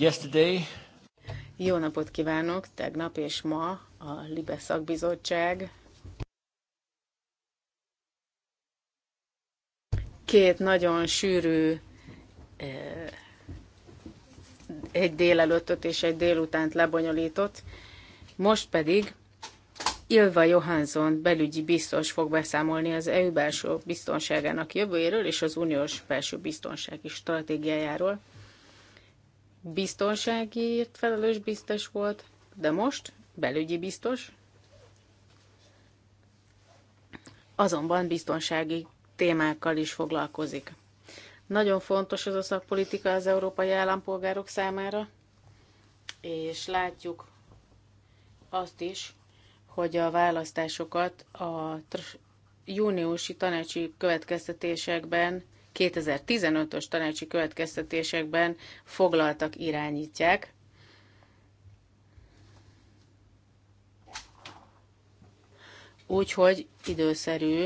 Yesterday. Jó napot kívánok! Tegnap és ma a Libe szakbizottság két nagyon sűrű eh, egy délelőttöt és egy délutánt lebonyolított. Most pedig Ilva Johansson belügyi biztos fog beszámolni az EU belső biztonságának jövőjéről és az uniós belső biztonsági stratégiájáról biztonsági felelős biztos volt, de most belügyi biztos, azonban biztonsági témákkal is foglalkozik. Nagyon fontos az a szakpolitika az európai állampolgárok számára, és látjuk azt is, hogy a választásokat a júniusi tanácsi következtetésekben 2015-ös tanácsi következtetésekben foglaltak irányítják. Úgyhogy időszerű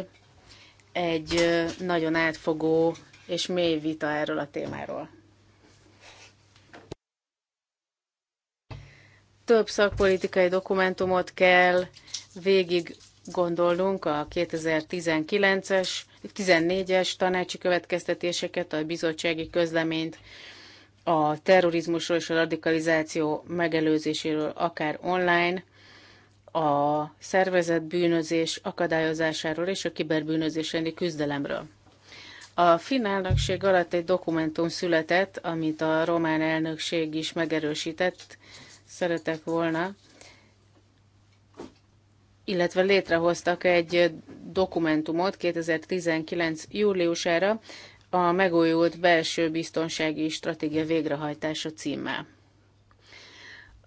egy nagyon átfogó és mély vita erről a témáról. Több szakpolitikai dokumentumot kell végig gondolnunk a 2019-es, 14-es tanácsi következtetéseket, a bizottsági közleményt, a terrorizmusról és a radikalizáció megelőzéséről, akár online, a szervezett bűnözés akadályozásáról és a kiberbűnözés elleni küzdelemről. A finn elnökség alatt egy dokumentum született, amit a román elnökség is megerősített. Szeretek volna illetve létrehoztak egy dokumentumot 2019. júliusára a megújult belső biztonsági stratégia végrehajtása címmel.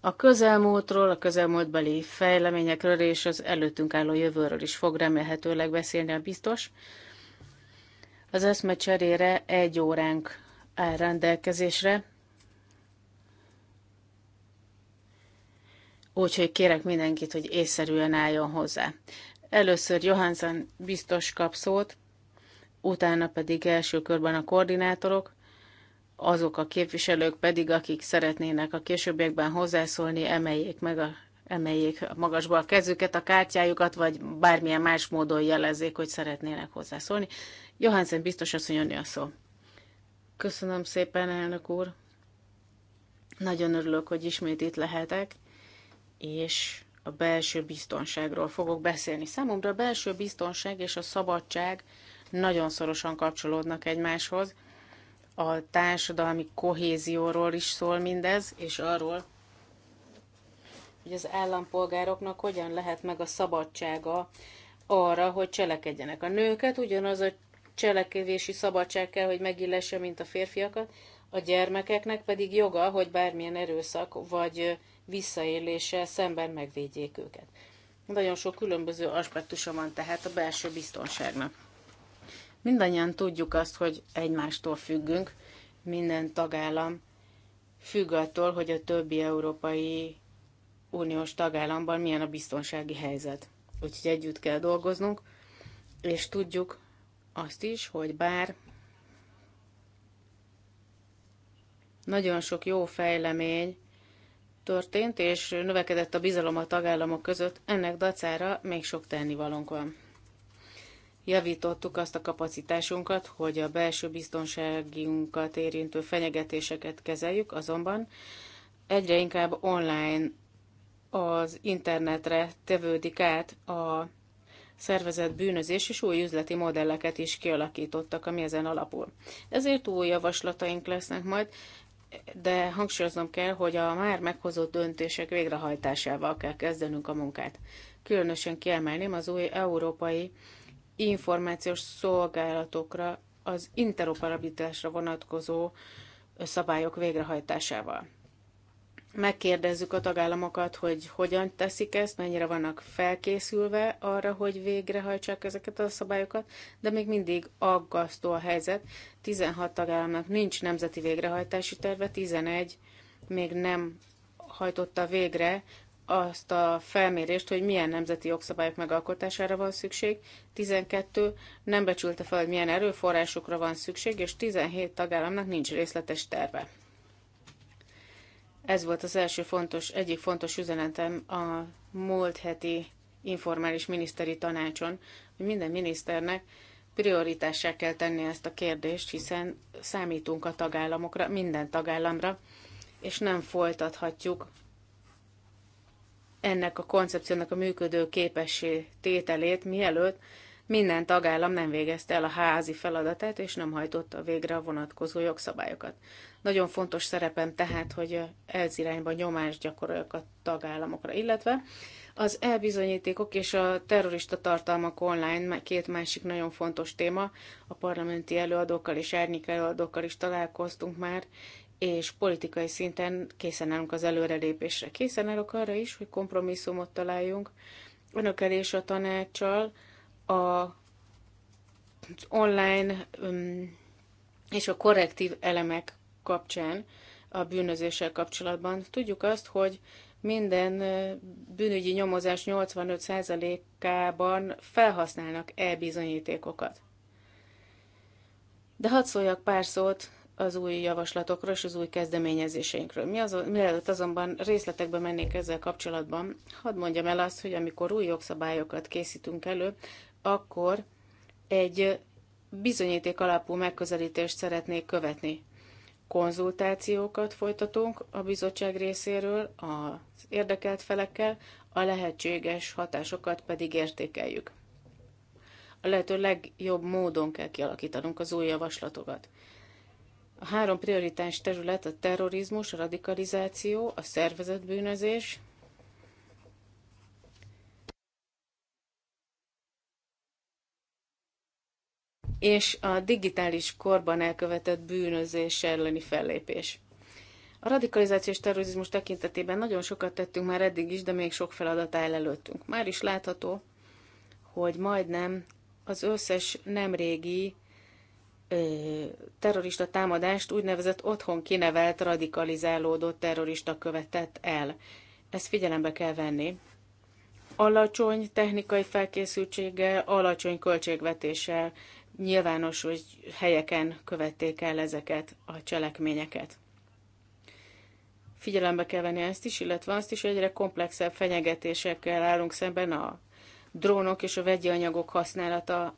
A közelmúltról, a közelmúltbeli fejleményekről és az előttünk álló jövőről is fog remélhetőleg beszélni a biztos. Az eszme cserére egy óránk áll rendelkezésre, úgyhogy kérek mindenkit, hogy észszerűen álljon hozzá. Először Johansson biztos kap szót, utána pedig első körben a koordinátorok, azok a képviselők pedig, akik szeretnének a későbbiekben hozzászólni, emeljék meg a emeljék magasba a kezüket, a kártyájukat, vagy bármilyen más módon jelezzék, hogy szeretnének hozzászólni. Johansen biztos azt hogy a szó. Köszönöm szépen, elnök úr. Nagyon örülök, hogy ismét itt lehetek és a belső biztonságról fogok beszélni. Számomra a belső biztonság és a szabadság nagyon szorosan kapcsolódnak egymáshoz. A társadalmi kohézióról is szól mindez, és arról, hogy az állampolgároknak hogyan lehet meg a szabadsága arra, hogy cselekedjenek. A nőket ugyanaz a cselekedési szabadság kell, hogy megillesse, mint a férfiakat, a gyermekeknek pedig joga, hogy bármilyen erőszak vagy visszaéléssel szemben megvédjék őket. Nagyon sok különböző aspektusa van tehát a belső biztonságnak. Mindannyian tudjuk azt, hogy egymástól függünk, minden tagállam függ attól, hogy a többi európai uniós tagállamban milyen a biztonsági helyzet. Úgyhogy együtt kell dolgoznunk, és tudjuk azt is, hogy bár nagyon sok jó fejlemény történt, és növekedett a bizalom a tagállamok között, ennek dacára még sok tennivalónk van. Javítottuk azt a kapacitásunkat, hogy a belső biztonságunkat érintő fenyegetéseket kezeljük, azonban egyre inkább online az internetre tevődik át a szervezett bűnözés és új üzleti modelleket is kialakítottak, ami ezen alapul. Ezért új javaslataink lesznek majd, de hangsúlyoznom kell, hogy a már meghozott döntések végrehajtásával kell kezdenünk a munkát. Különösen kiemelném az új európai információs szolgálatokra, az interoperabilitásra vonatkozó szabályok végrehajtásával megkérdezzük a tagállamokat, hogy hogyan teszik ezt, mennyire vannak felkészülve arra, hogy végrehajtsák ezeket a szabályokat, de még mindig aggasztó a helyzet. 16 tagállamnak nincs nemzeti végrehajtási terve, 11 még nem hajtotta végre azt a felmérést, hogy milyen nemzeti jogszabályok megalkotására van szükség, 12 nem becsülte fel, hogy milyen erőforrásokra van szükség, és 17 tagállamnak nincs részletes terve. Ez volt az első fontos, egyik fontos üzenetem a múlt heti informális miniszteri tanácson, hogy minden miniszternek prioritássá kell tenni ezt a kérdést, hiszen számítunk a tagállamokra, minden tagállamra, és nem folytathatjuk ennek a koncepciónak a működő képessé tételét, mielőtt minden tagállam nem végezte el a házi feladatát, és nem hajtotta végre a vonatkozó jogszabályokat. Nagyon fontos szerepem tehát, hogy ez irányba nyomást gyakoroljak a tagállamokra, illetve az elbizonyítékok és a terrorista tartalmak online két másik nagyon fontos téma. A parlamenti előadókkal és árnyék előadókkal is találkoztunk már, és politikai szinten készen állunk az előrelépésre. Készen állok arra is, hogy kompromisszumot találjunk önökkel és a tanácssal a online um, és a korrektív elemek kapcsán, a bűnözéssel kapcsolatban. Tudjuk azt, hogy minden bűnügyi nyomozás 85%-ában felhasználnak e-bizonyítékokat. De hadd szóljak pár szót az új javaslatokról és az új kezdeményezéseinkről. Mi az, mielőtt azonban részletekbe mennék ezzel kapcsolatban, hadd mondjam el azt, hogy amikor új jogszabályokat készítünk elő, akkor egy bizonyíték alapú megközelítést szeretnék követni konzultációkat folytatunk a bizottság részéről az érdekelt felekkel, a lehetséges hatásokat pedig értékeljük. A lehető legjobb módon kell kialakítanunk az új javaslatokat. A három prioritás terület a terrorizmus, a radikalizáció, a szervezetbűnözés és a digitális korban elkövetett bűnözés elleni fellépés. A radikalizáció és terrorizmus tekintetében nagyon sokat tettünk már eddig is, de még sok feladat áll előttünk. Már is látható, hogy majdnem az összes nemrégi ö, terrorista támadást úgynevezett otthon kinevelt, radikalizálódó terrorista követett el. Ezt figyelembe kell venni. Alacsony technikai felkészültséggel, alacsony költségvetéssel nyilvános hogy helyeken követték el ezeket a cselekményeket. Figyelembe kell venni ezt is, illetve azt is, hogy egyre komplexebb fenyegetésekkel állunk szemben a drónok és a vegyi anyagok használata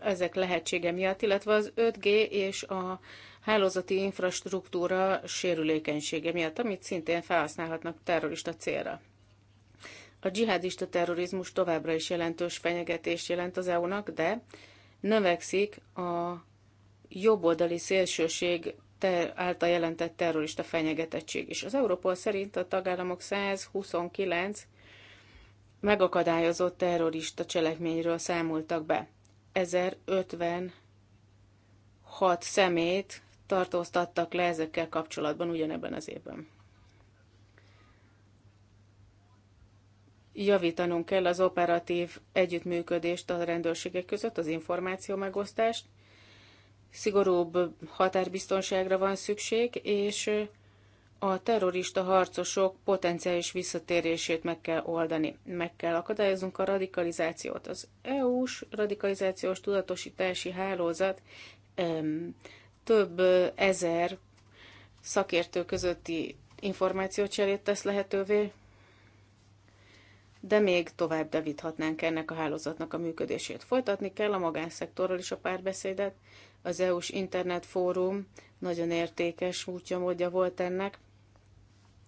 ezek lehetsége miatt, illetve az 5G és a hálózati infrastruktúra sérülékenysége miatt, amit szintén felhasználhatnak terrorista célra. A dzsihadista terrorizmus továbbra is jelentős fenyegetést jelent az EU-nak, de növekszik a jobboldali szélsőség ter- által jelentett terrorista fenyegetettség is. Az Európol szerint a tagállamok 129 megakadályozott terrorista cselekményről számoltak be. 1056 szemét tartóztattak le ezekkel kapcsolatban ugyanebben az évben. javítanunk kell az operatív együttműködést a rendőrségek között, az információ megosztást, szigorúbb határbiztonságra van szükség, és a terrorista harcosok potenciális visszatérését meg kell oldani. Meg kell akadályoznunk a radikalizációt. Az EU-s radikalizációs tudatosítási hálózat több ezer szakértő közötti információcserét tesz lehetővé, de még tovább devíthatnánk ennek a hálózatnak a működését. Folytatni kell a magánszektorral is a párbeszédet. Az EU-s internetfórum nagyon értékes útja módja volt ennek,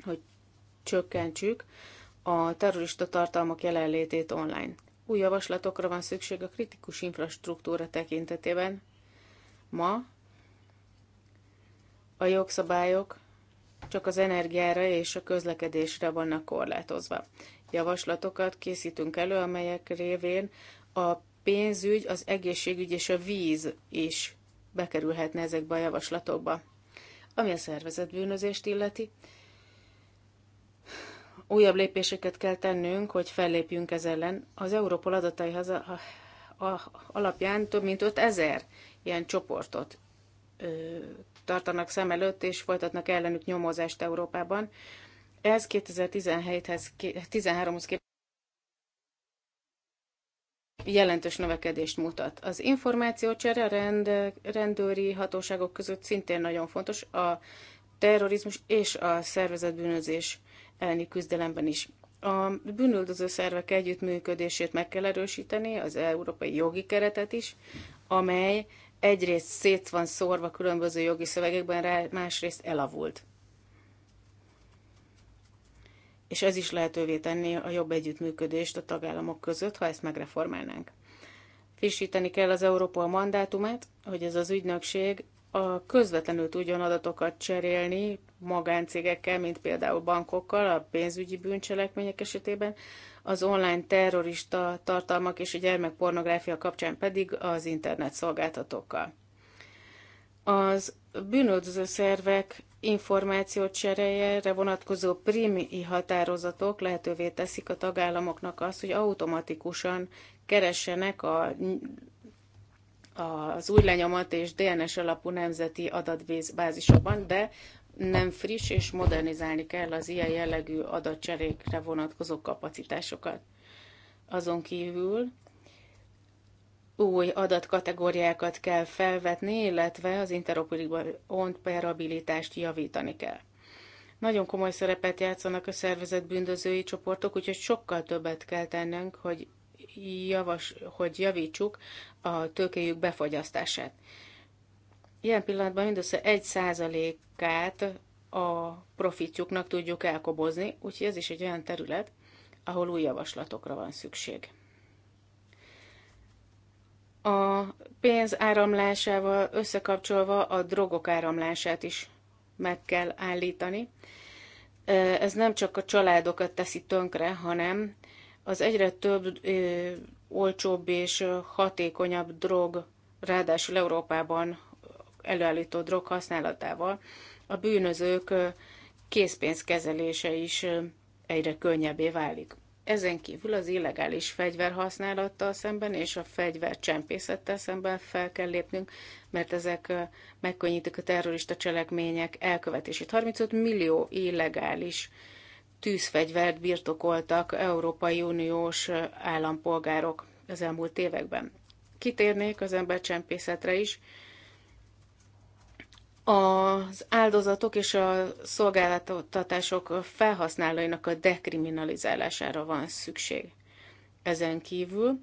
hogy csökkentsük a terrorista tartalmak jelenlétét online. Új javaslatokra van szükség a kritikus infrastruktúra tekintetében. Ma a jogszabályok csak az energiára és a közlekedésre vannak korlátozva javaslatokat készítünk elő, amelyek révén a pénzügy, az egészségügy és a víz is bekerülhetne ezekbe a javaslatokba. Ami a szervezetbűnözést illeti, újabb lépéseket kell tennünk, hogy fellépjünk ez ellen. Az Európol adatai haza, a, alapján több mint 5000 ilyen csoportot ö, tartanak szem előtt, és folytatnak ellenük nyomozást Európában. Ez 2017-hez, 13-hoz jelentős növekedést mutat. Az információcsere rend, rendőri hatóságok között szintén nagyon fontos a terrorizmus és a szervezetbűnözés elleni küzdelemben is. A bűnöldöző szervek együttműködését meg kell erősíteni, az európai jogi keretet is, amely egyrészt szét van szórva különböző jogi szövegekben, rá másrészt elavult és ez is lehetővé tenni a jobb együttműködést a tagállamok között, ha ezt megreformálnánk. Frissíteni kell az Európa mandátumát, hogy ez az ügynökség a közvetlenül tudjon adatokat cserélni magáncégekkel, mint például bankokkal a pénzügyi bűncselekmények esetében, az online terrorista tartalmak és a gyermekpornográfia kapcsán pedig az internet szolgáltatókkal. Az bűnöldöző szervek információ cseréjére vonatkozó primi határozatok lehetővé teszik a tagállamoknak azt, hogy automatikusan keressenek a, az új lenyomat és DNS alapú nemzeti adatbázisokban, de nem friss és modernizálni kell az ilyen jellegű adatcserékre vonatkozó kapacitásokat. Azon kívül új adatkategóriákat kell felvetni, illetve az interoperabilitást javítani kell. Nagyon komoly szerepet játszanak a szervezet bűnözői csoportok, úgyhogy sokkal többet kell tennünk, hogy, javas, hogy javítsuk a tőkéjük befogyasztását. Ilyen pillanatban mindössze 1%-át a profitjuknak tudjuk elkobozni, úgyhogy ez is egy olyan terület, ahol új javaslatokra van szükség a pénz áramlásával összekapcsolva a drogok áramlását is meg kell állítani. Ez nem csak a családokat teszi tönkre, hanem az egyre több ö, olcsóbb és hatékonyabb drog, ráadásul Európában előállító drog használatával a bűnözők készpénzkezelése is egyre könnyebbé válik. Ezen kívül az illegális fegyverhasználattal szemben és a fegyvercsempészettel szemben fel kell lépnünk, mert ezek megkönnyítik a terrorista cselekmények elkövetését. 35 millió illegális tűzfegyvert birtokoltak Európai Uniós állampolgárok az elmúlt években. Kitérnék az embercsempészetre is, az áldozatok és a szolgáltatások felhasználóinak a dekriminalizálására van szükség. Ezen kívül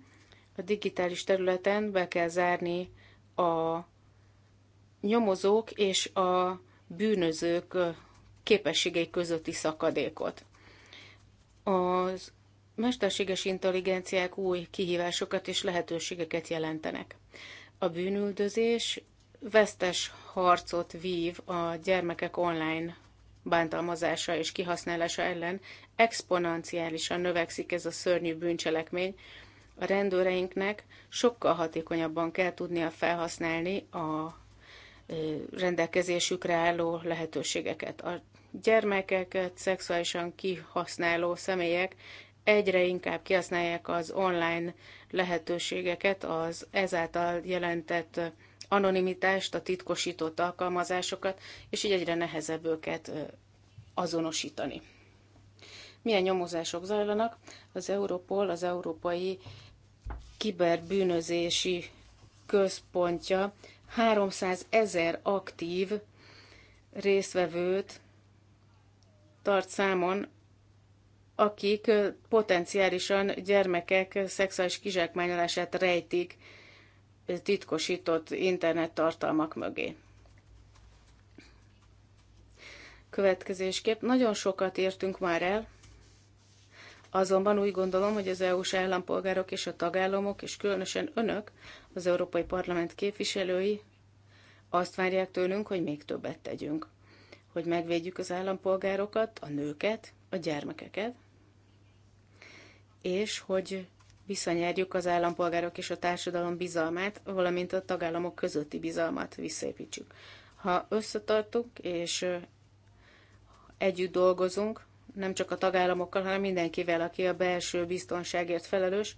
a digitális területen be kell zárni a nyomozók és a bűnözők képességei közötti szakadékot. Az mesterséges intelligenciák új kihívásokat és lehetőségeket jelentenek. A bűnüldözés vesztes harcot vív a gyermekek online bántalmazása és kihasználása ellen, exponenciálisan növekszik ez a szörnyű bűncselekmény. A rendőreinknek sokkal hatékonyabban kell tudnia felhasználni a rendelkezésükre álló lehetőségeket. A gyermekeket szexuálisan kihasználó személyek egyre inkább kihasználják az online lehetőségeket, az ezáltal jelentett anonimitást, a titkosított alkalmazásokat, és így egyre nehezebb őket azonosítani. Milyen nyomozások zajlanak? Az Europol, az Európai Kiberbűnözési Központja 300 ezer aktív résztvevőt tart számon, akik potenciálisan gyermekek szexuális kizsákmányolását rejtik titkosított internet tartalmak mögé. Következésképp nagyon sokat értünk már el, azonban úgy gondolom, hogy az EU-s állampolgárok és a tagállamok, és különösen önök, az Európai Parlament képviselői azt várják tőlünk, hogy még többet tegyünk. Hogy megvédjük az állampolgárokat, a nőket, a gyermekeket, és hogy visszanyerjük az állampolgárok és a társadalom bizalmát, valamint a tagállamok közötti bizalmat visszaépítsük. Ha összetartunk és együtt dolgozunk, nem csak a tagállamokkal, hanem mindenkivel, aki a belső biztonságért felelős,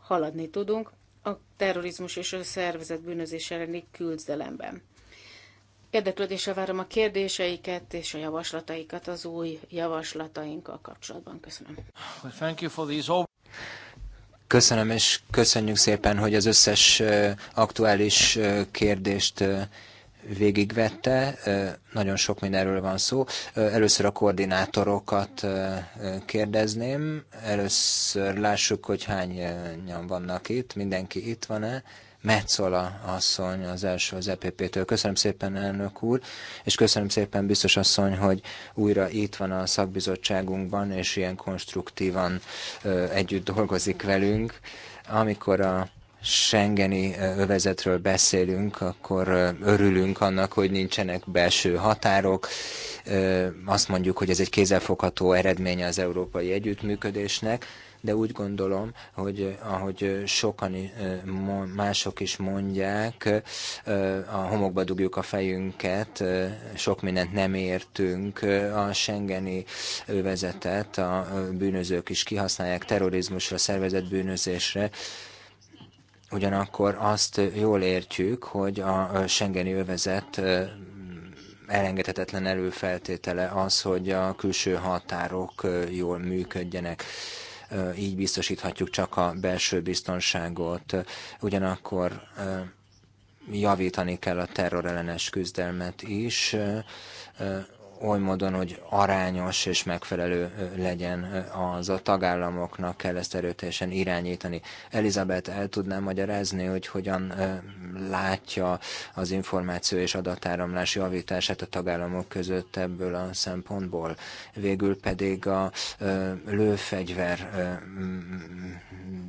haladni tudunk a terrorizmus és a szervezet bűnözés elleni küzdelemben. Érdeklődésre várom a kérdéseiket és a javaslataikat az új javaslatainkkal kapcsolatban. Köszönöm. Well, thank you for these Köszönöm, és köszönjük szépen, hogy az összes aktuális kérdést végigvette. Nagyon sok mindenről van szó. Először a koordinátorokat kérdezném. Először lássuk, hogy hányan vannak itt. Mindenki itt van-e? Metzola asszony az első az EPP-től. Köszönöm szépen, elnök úr, és köszönöm szépen, biztos asszony, hogy újra itt van a szakbizottságunkban, és ilyen konstruktívan együtt dolgozik velünk. Amikor a Schengeni övezetről beszélünk, akkor örülünk annak, hogy nincsenek belső határok. Azt mondjuk, hogy ez egy kézzelfogható eredménye az európai együttműködésnek de úgy gondolom, hogy ahogy sokan mások is mondják, a homokba dugjuk a fejünket, sok mindent nem értünk, a Schengeni övezetet a bűnözők is kihasználják terrorizmusra, szervezett bűnözésre, ugyanakkor azt jól értjük, hogy a Schengeni övezet elengedhetetlen előfeltétele az, hogy a külső határok jól működjenek így biztosíthatjuk csak a belső biztonságot. Ugyanakkor javítani kell a terrorellenes küzdelmet is, oly módon, hogy arányos és megfelelő legyen az a tagállamoknak kell ezt erőteljesen irányítani. Elizabeth, el tudná magyarázni, hogy hogyan látja az információ és adatáramlás javítását a tagállamok között ebből a szempontból. Végül pedig a lőfegyver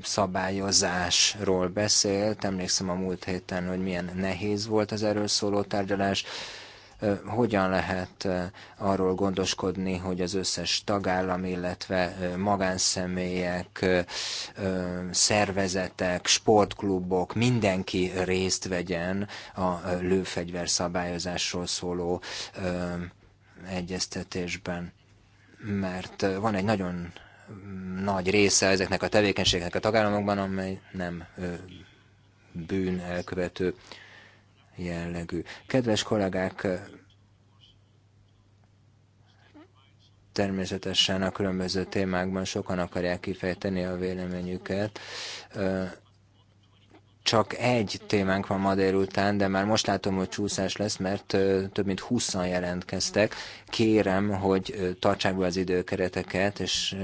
szabályozásról beszélt. Emlékszem a múlt héten, hogy milyen nehéz volt az erről szóló tárgyalás hogyan lehet arról gondoskodni, hogy az összes tagállam, illetve magánszemélyek, szervezetek, sportklubok, mindenki részt vegyen a lőfegyver szabályozásról szóló egyeztetésben. Mert van egy nagyon mm, nagy része ezeknek a tevékenységeknek a tagállamokban, amely nem bűn elkövető jellegű. Kedves kollégák, természetesen a különböző témákban sokan akarják kifejteni a véleményüket. Csak egy témánk van ma délután, de már most látom, hogy csúszás lesz, mert több mint 20 jelentkeztek. Kérem, hogy tartsák be az időkereteket, és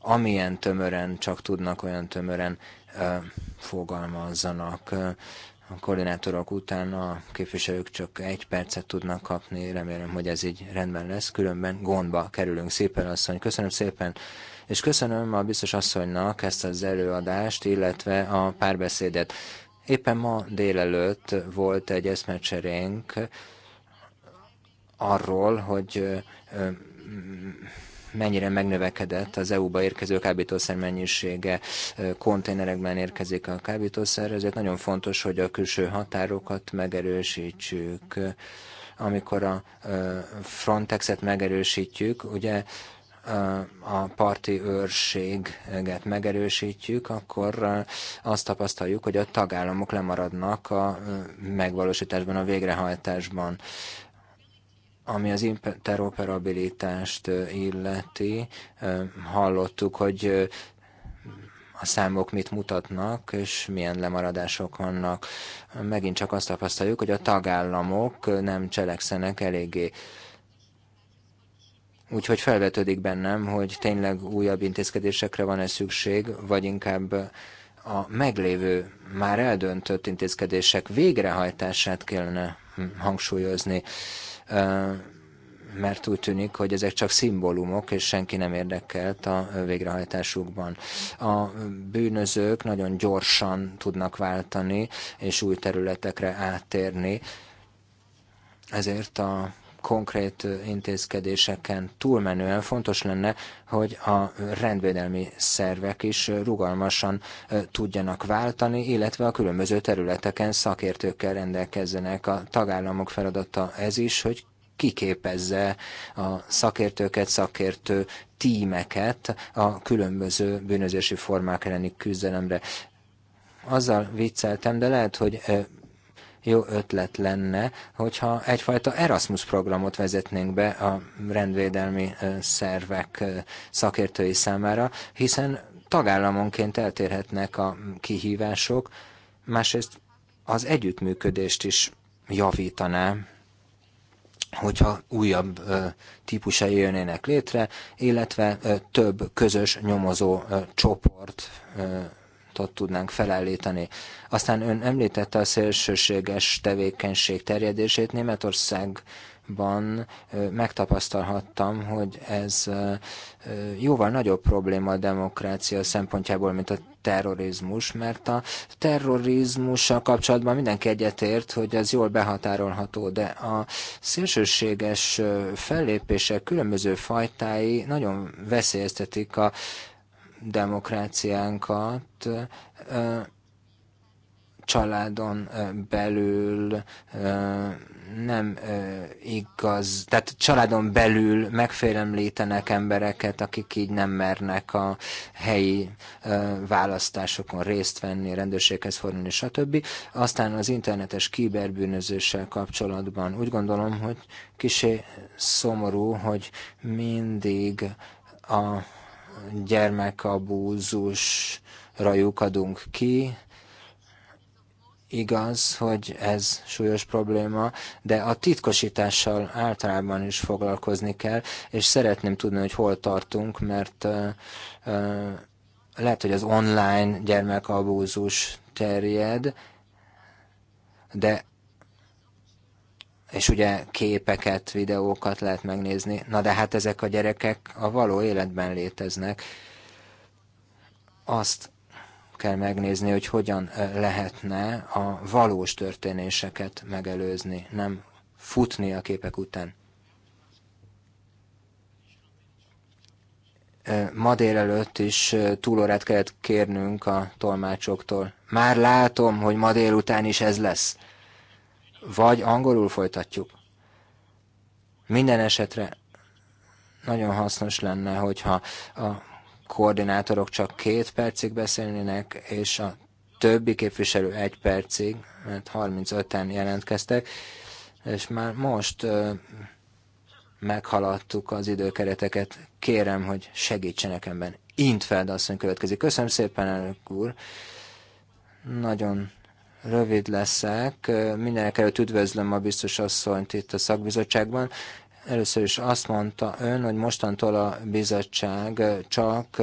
amilyen tömören csak tudnak, olyan tömören fogalmazzanak. A koordinátorok után a képviselők csak egy percet tudnak kapni, remélem, hogy ez így rendben lesz, különben gondba kerülünk. Szépen asszony, köszönöm szépen, és köszönöm a biztos asszonynak ezt az előadást, illetve a párbeszédet. Éppen ma délelőtt volt egy eszmecserénk arról, hogy mennyire megnövekedett az EU-ba érkező kábítószer mennyisége, konténerekben érkezik a kábítószer, ezért nagyon fontos, hogy a külső határokat megerősítsük. Amikor a Frontexet megerősítjük, ugye a parti őrséget megerősítjük, akkor azt tapasztaljuk, hogy a tagállamok lemaradnak a megvalósításban, a végrehajtásban. Ami az interoperabilitást illeti, hallottuk, hogy a számok mit mutatnak, és milyen lemaradások vannak. Megint csak azt tapasztaljuk, hogy a tagállamok nem cselekszenek eléggé. Úgyhogy felvetődik bennem, hogy tényleg újabb intézkedésekre van-e szükség, vagy inkább a meglévő, már eldöntött intézkedések végrehajtását kellene hm, hangsúlyozni mert úgy tűnik, hogy ezek csak szimbólumok, és senki nem érdekelt a végrehajtásukban. A bűnözők nagyon gyorsan tudnak váltani, és új területekre áttérni, ezért a konkrét intézkedéseken túlmenően fontos lenne, hogy a rendvédelmi szervek is rugalmasan tudjanak váltani, illetve a különböző területeken szakértőkkel rendelkezzenek. A tagállamok feladata ez is, hogy kiképezze a szakértőket, szakértő tímeket a különböző bűnözési formák elleni küzdelemre. Azzal vicceltem, de lehet, hogy jó ötlet lenne, hogyha egyfajta Erasmus programot vezetnénk be a rendvédelmi szervek szakértői számára, hiszen tagállamonként eltérhetnek a kihívások, másrészt az együttműködést is javítaná, hogyha újabb ö, típusai jönnének létre, illetve ö, több közös nyomozó ö, csoport hálózatot tudnánk felállítani. Aztán ön említette a szélsőséges tevékenység terjedését Németország ban megtapasztalhattam, hogy ez jóval nagyobb probléma a demokrácia szempontjából, mint a terrorizmus, mert a terrorizmussal kapcsolatban mindenki egyetért, hogy ez jól behatárolható, de a szélsőséges fellépések különböző fajtái nagyon veszélyeztetik a demokráciánkat családon belül nem igaz, tehát családon belül megfélemlítenek embereket, akik így nem mernek a helyi választásokon részt venni, rendőrséghez fordulni, stb. Aztán az internetes kiberbűnözéssel kapcsolatban úgy gondolom, hogy kisé szomorú, hogy mindig a gyermekabúzusra lyukadunk ki. Igaz, hogy ez súlyos probléma, de a titkosítással általában is foglalkozni kell, és szeretném tudni, hogy hol tartunk, mert uh, uh, lehet, hogy az online gyermekabúzus terjed, de és ugye képeket, videókat lehet megnézni. Na de hát ezek a gyerekek a való életben léteznek. Azt kell megnézni, hogy hogyan lehetne a valós történéseket megelőzni, nem futni a képek után. Ma délelőtt is túlórát kellett kérnünk a tolmácsoktól. Már látom, hogy ma délután is ez lesz vagy angolul folytatjuk. Minden esetre nagyon hasznos lenne, hogyha a koordinátorok csak két percig beszélnének, és a többi képviselő egy percig, mert 35-en jelentkeztek, és már most meghaladtuk az időkereteket. Kérem, hogy segítsenek ebben. Intfeld asszony következik. Köszönöm szépen, elnök úr. Nagyon Rövid leszek. Mindenek előtt üdvözlöm a biztos asszonyt itt a szakbizottságban. Először is azt mondta ön, hogy mostantól a bizottság csak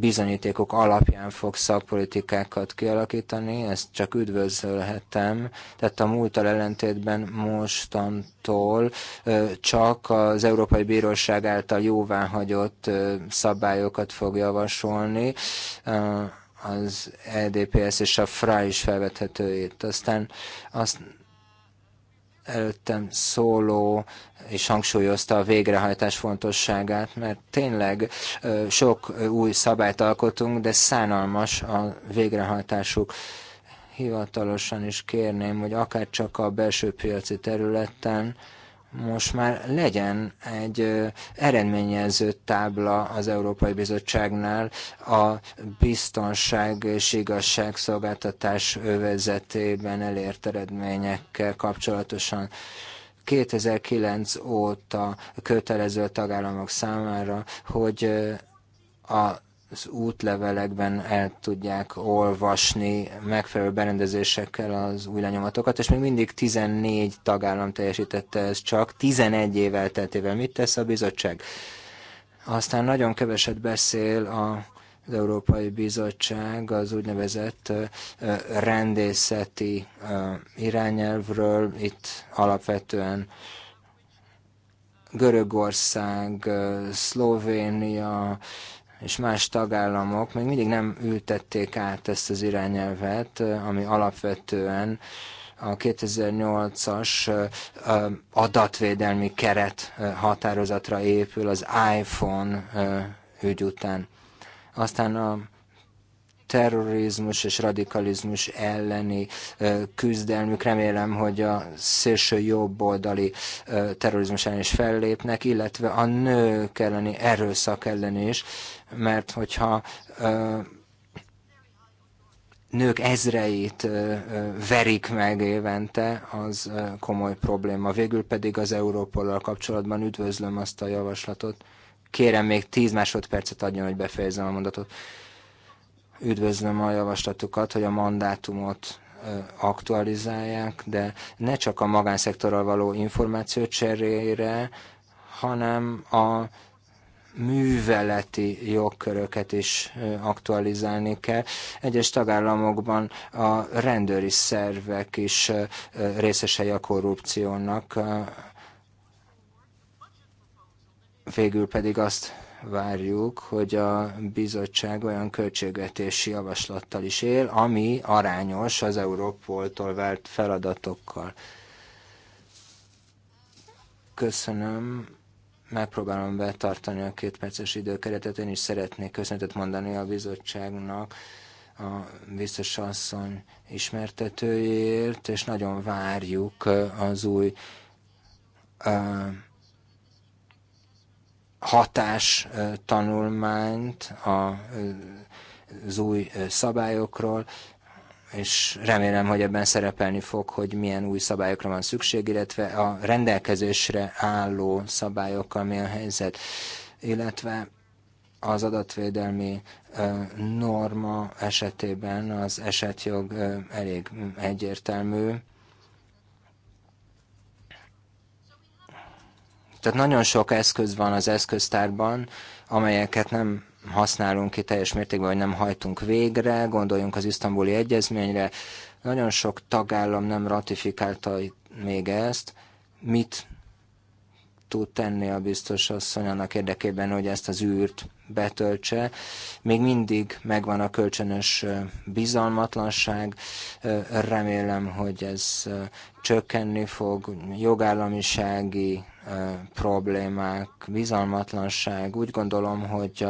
bizonyítékok alapján fog szakpolitikákat kialakítani, ezt csak üdvözölhetem. Tehát a múltal ellentétben mostantól csak az Európai Bíróság által jóváhagyott szabályokat fog javasolni az EDPS és a FRA is felvethetőjét. Aztán azt előttem szóló és hangsúlyozta a végrehajtás fontosságát, mert tényleg sok új szabályt alkotunk, de szánalmas a végrehajtásuk. Hivatalosan is kérném, hogy akár csak a belső piaci területen, most már legyen egy eredményező tábla az Európai Bizottságnál a biztonság és igazságszolgáltatás övezetében elért eredményekkel kapcsolatosan. 2009 óta kötelező a tagállamok számára, hogy a az útlevelekben el tudják olvasni megfelelő berendezésekkel az új lenyomatokat, és még mindig 14 tagállam teljesítette ez csak, 11 év elteltével mit tesz a bizottság? Aztán nagyon keveset beszél a az Európai Bizottság az úgynevezett rendészeti irányelvről. Itt alapvetően Görögország, Szlovénia, és más tagállamok még mindig nem ültették át ezt az irányelvet, ami alapvetően a 2008-as adatvédelmi keret határozatra épül az iPhone ügy után. Aztán a terrorizmus és radikalizmus elleni küzdelmük. Remélem, hogy a szélső jobboldali terrorizmus ellen is fellépnek, illetve a nők elleni erőszak ellen is, mert hogyha nők ezreit verik meg évente, az komoly probléma. Végül pedig az Európollal kapcsolatban üdvözlöm azt a javaslatot. Kérem még 10 másodpercet adjon, hogy befejezzem a mondatot. Üdvözlöm a javaslatukat, hogy a mandátumot aktualizálják, de ne csak a magánszektorral való információ cserére, hanem a műveleti jogköröket is aktualizálni kell. Egyes tagállamokban a rendőri szervek is részesei a korrupciónak. Végül pedig azt várjuk, hogy a bizottság olyan költségvetési javaslattal is él, ami arányos az Európoltól várt feladatokkal. Köszönöm megpróbálom betartani a két perces időkeretet. Én is szeretnék köszönetet mondani a bizottságnak a biztos asszony ismertetőjéért, és nagyon várjuk az új uh, hatás tanulmányt az új szabályokról, és remélem, hogy ebben szerepelni fog, hogy milyen új szabályokra van szükség, illetve a rendelkezésre álló szabályokkal mi a helyzet, illetve az adatvédelmi norma esetében az esetjog elég egyértelmű. Tehát nagyon sok eszköz van az eszköztárban, amelyeket nem használunk ki teljes mértékben, vagy nem hajtunk végre, gondoljunk az isztambuli egyezményre. Nagyon sok tagállam nem ratifikálta még ezt. Mit tud tenni a biztos asszony annak érdekében, hogy ezt az űrt betöltse. Még mindig megvan a kölcsönös bizalmatlanság. Remélem, hogy ez csökkenni fog. Jogállamisági problémák, bizalmatlanság. Úgy gondolom, hogy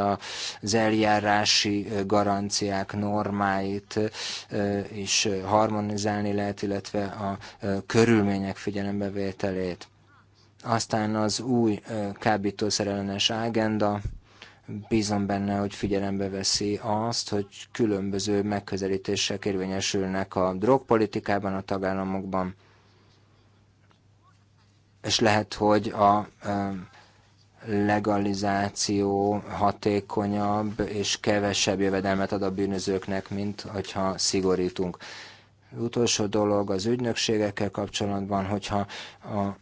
az eljárási garanciák normáit is harmonizálni lehet, illetve a körülmények figyelembevételét aztán az új kábítószerellenes agenda bízom benne, hogy figyelembe veszi azt, hogy különböző megközelítések érvényesülnek a drogpolitikában, a tagállamokban, és lehet, hogy a legalizáció hatékonyabb és kevesebb jövedelmet ad a bűnözőknek, mint hogyha szigorítunk. Utolsó dolog az ügynökségekkel kapcsolatban, hogyha a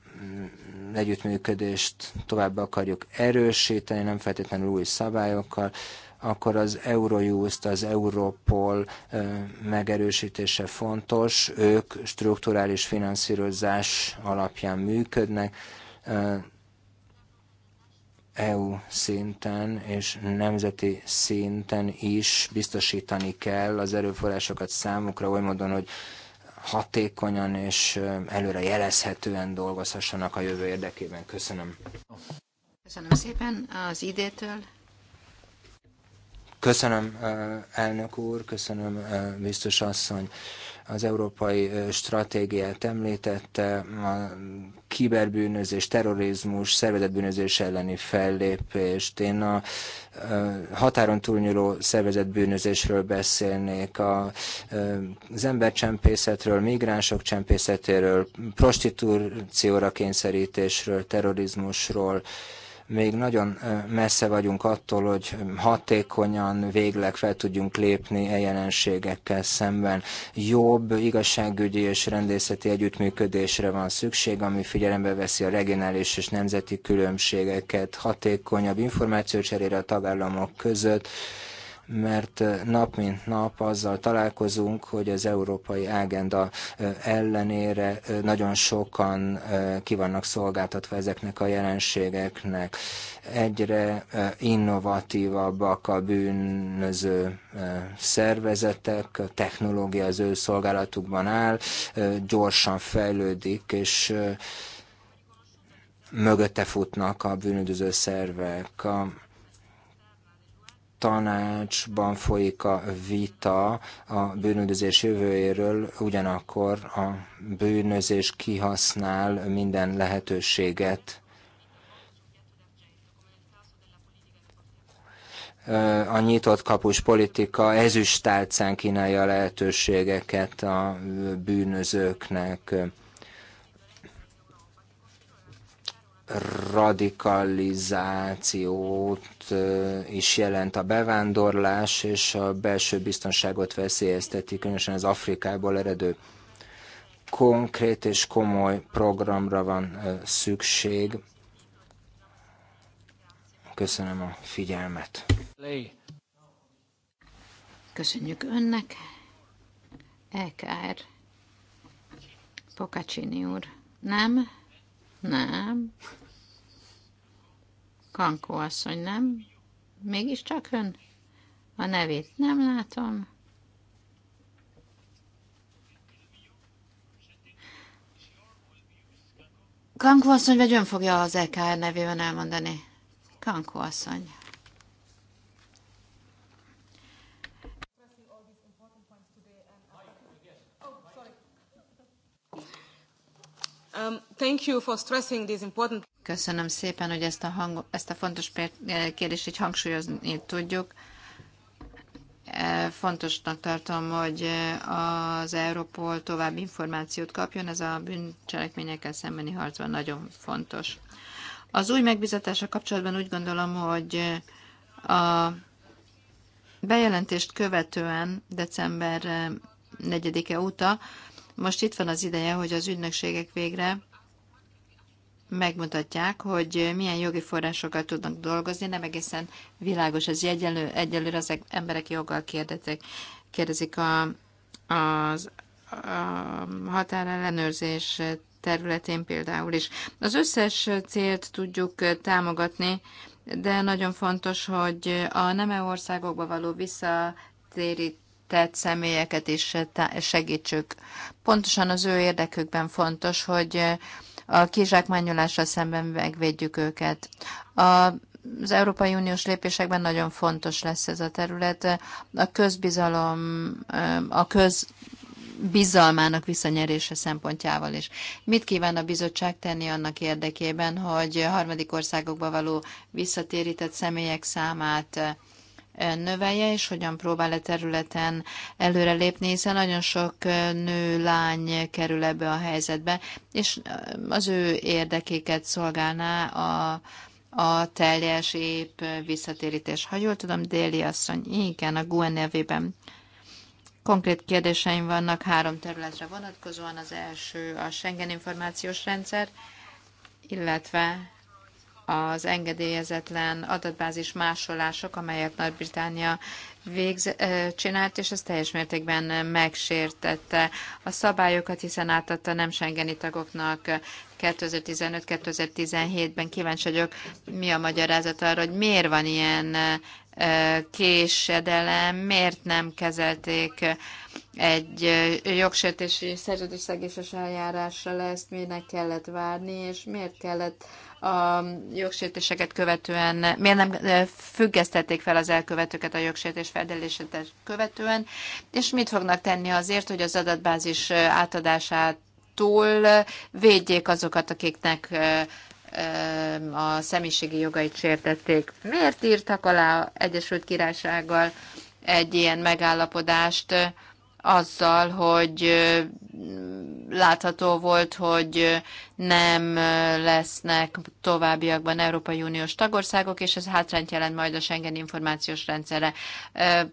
együttműködést tovább akarjuk erősíteni, nem feltétlenül új szabályokkal, akkor az Eurojust, az Europol megerősítése fontos. Ők strukturális finanszírozás alapján működnek, EU szinten és nemzeti szinten is biztosítani kell az erőforrásokat számukra oly módon, hogy hatékonyan és előre jelezhetően dolgozhassanak a jövő érdekében. Köszönöm. Köszönöm szépen az idétől. Köszönöm, elnök úr, köszönöm, biztos asszony az európai stratégiát említette, a kiberbűnözés, terrorizmus, szervezetbűnözés elleni fellépést. Én a határon túlnyúló szervezetbűnözésről beszélnék, a, az embercsempészetről, migránsok csempészetéről, prostitúcióra kényszerítésről, terrorizmusról, még nagyon messze vagyunk attól, hogy hatékonyan végleg fel tudjunk lépni e jelenségekkel szemben. Jobb igazságügyi és rendészeti együttműködésre van szükség, ami figyelembe veszi a regionális és nemzeti különbségeket, hatékonyabb információcserére a tagállamok között, mert nap mint nap azzal találkozunk, hogy az európai ágenda ellenére nagyon sokan kivannak szolgáltatva ezeknek a jelenségeknek. Egyre innovatívabbak a bűnöző szervezetek, a technológia az ő szolgálatukban áll, gyorsan fejlődik, és mögötte futnak a bűnöző szervek. A tanácsban folyik a vita a bűnözés jövőjéről, ugyanakkor a bűnözés kihasznál minden lehetőséget. A nyitott kapus politika ezüstálcán kínálja a lehetőségeket a bűnözőknek radikalizációt is jelent a bevándorlás, és a belső biztonságot veszélyezteti, különösen az Afrikából eredő konkrét és komoly programra van szükség. Köszönöm a figyelmet. Köszönjük önnek, EKR, Pokacsini úr. Nem? Nem. Kankó asszony, nem? Mégiscsak ön? A nevét nem látom. Kankó asszony, vagy ön fogja az EKR nevében elmondani? Kankó asszony. Um, Köszönöm szépen, hogy ezt a, hang, ezt a fontos eh, kérdést így hangsúlyozni tudjuk. Eh, fontosnak tartom, hogy eh, az Európol tovább információt kapjon, ez a bűncselekményekkel szembeni harcban nagyon fontos. Az új megbizatása kapcsolatban úgy gondolom, hogy a bejelentést követően december 4-e óta most itt van az ideje, hogy az ügynökségek végre megmutatják, hogy milyen jogi forrásokat tudnak dolgozni, nem egészen világos, ez egyelő, egyelőre az emberek joggal kérdezik, kérdezik a, az a határellenőrzés területén például is. Az összes célt tudjuk támogatni, de nagyon fontos, hogy a neme országokba való visszatérít érintett személyeket is segítsük. Pontosan az ő érdekükben fontos, hogy a kizsákmányolásra szemben megvédjük őket. A az Európai Uniós lépésekben nagyon fontos lesz ez a terület. A közbizalom, a közbizalmának visszanyerése szempontjával is. Mit kíván a bizottság tenni annak érdekében, hogy harmadik országokba való visszatérített személyek számát növelje, és hogyan próbál a területen előrelépni, hiszen nagyon sok nő, lány kerül ebbe a helyzetbe, és az ő érdekéket szolgálná a, a teljes épp visszatérítés. Ha jól tudom, Déli asszony, igen, a GUEN nevében. Konkrét kérdéseim vannak három területre vonatkozóan. Az első a Schengen információs rendszer, illetve az engedélyezetlen adatbázis másolások, amelyet Nagy-Britannia végz, csinált, és ez teljes mértékben megsértette a szabályokat, hiszen átadta nem sengeni tagoknak 2015-2017-ben. Kíváncsi vagyok, mi a magyarázat arra, hogy miért van ilyen késedelem, miért nem kezelték egy jogsértési szerződésszegéses eljárásra le, ezt minek kellett várni, és miért kellett a jogsértéseket követően, miért nem függesztették fel az elkövetőket a jogsértés feldelésetet követően, és mit fognak tenni azért, hogy az adatbázis átadásától védjék azokat, akiknek a személyiségi jogait sértették. Miért írtak alá Egyesült Királysággal egy ilyen megállapodást, azzal, hogy látható volt, hogy nem lesznek továbbiakban Európai Uniós tagországok, és ez hátrányt jelent majd a Schengen információs rendszerre.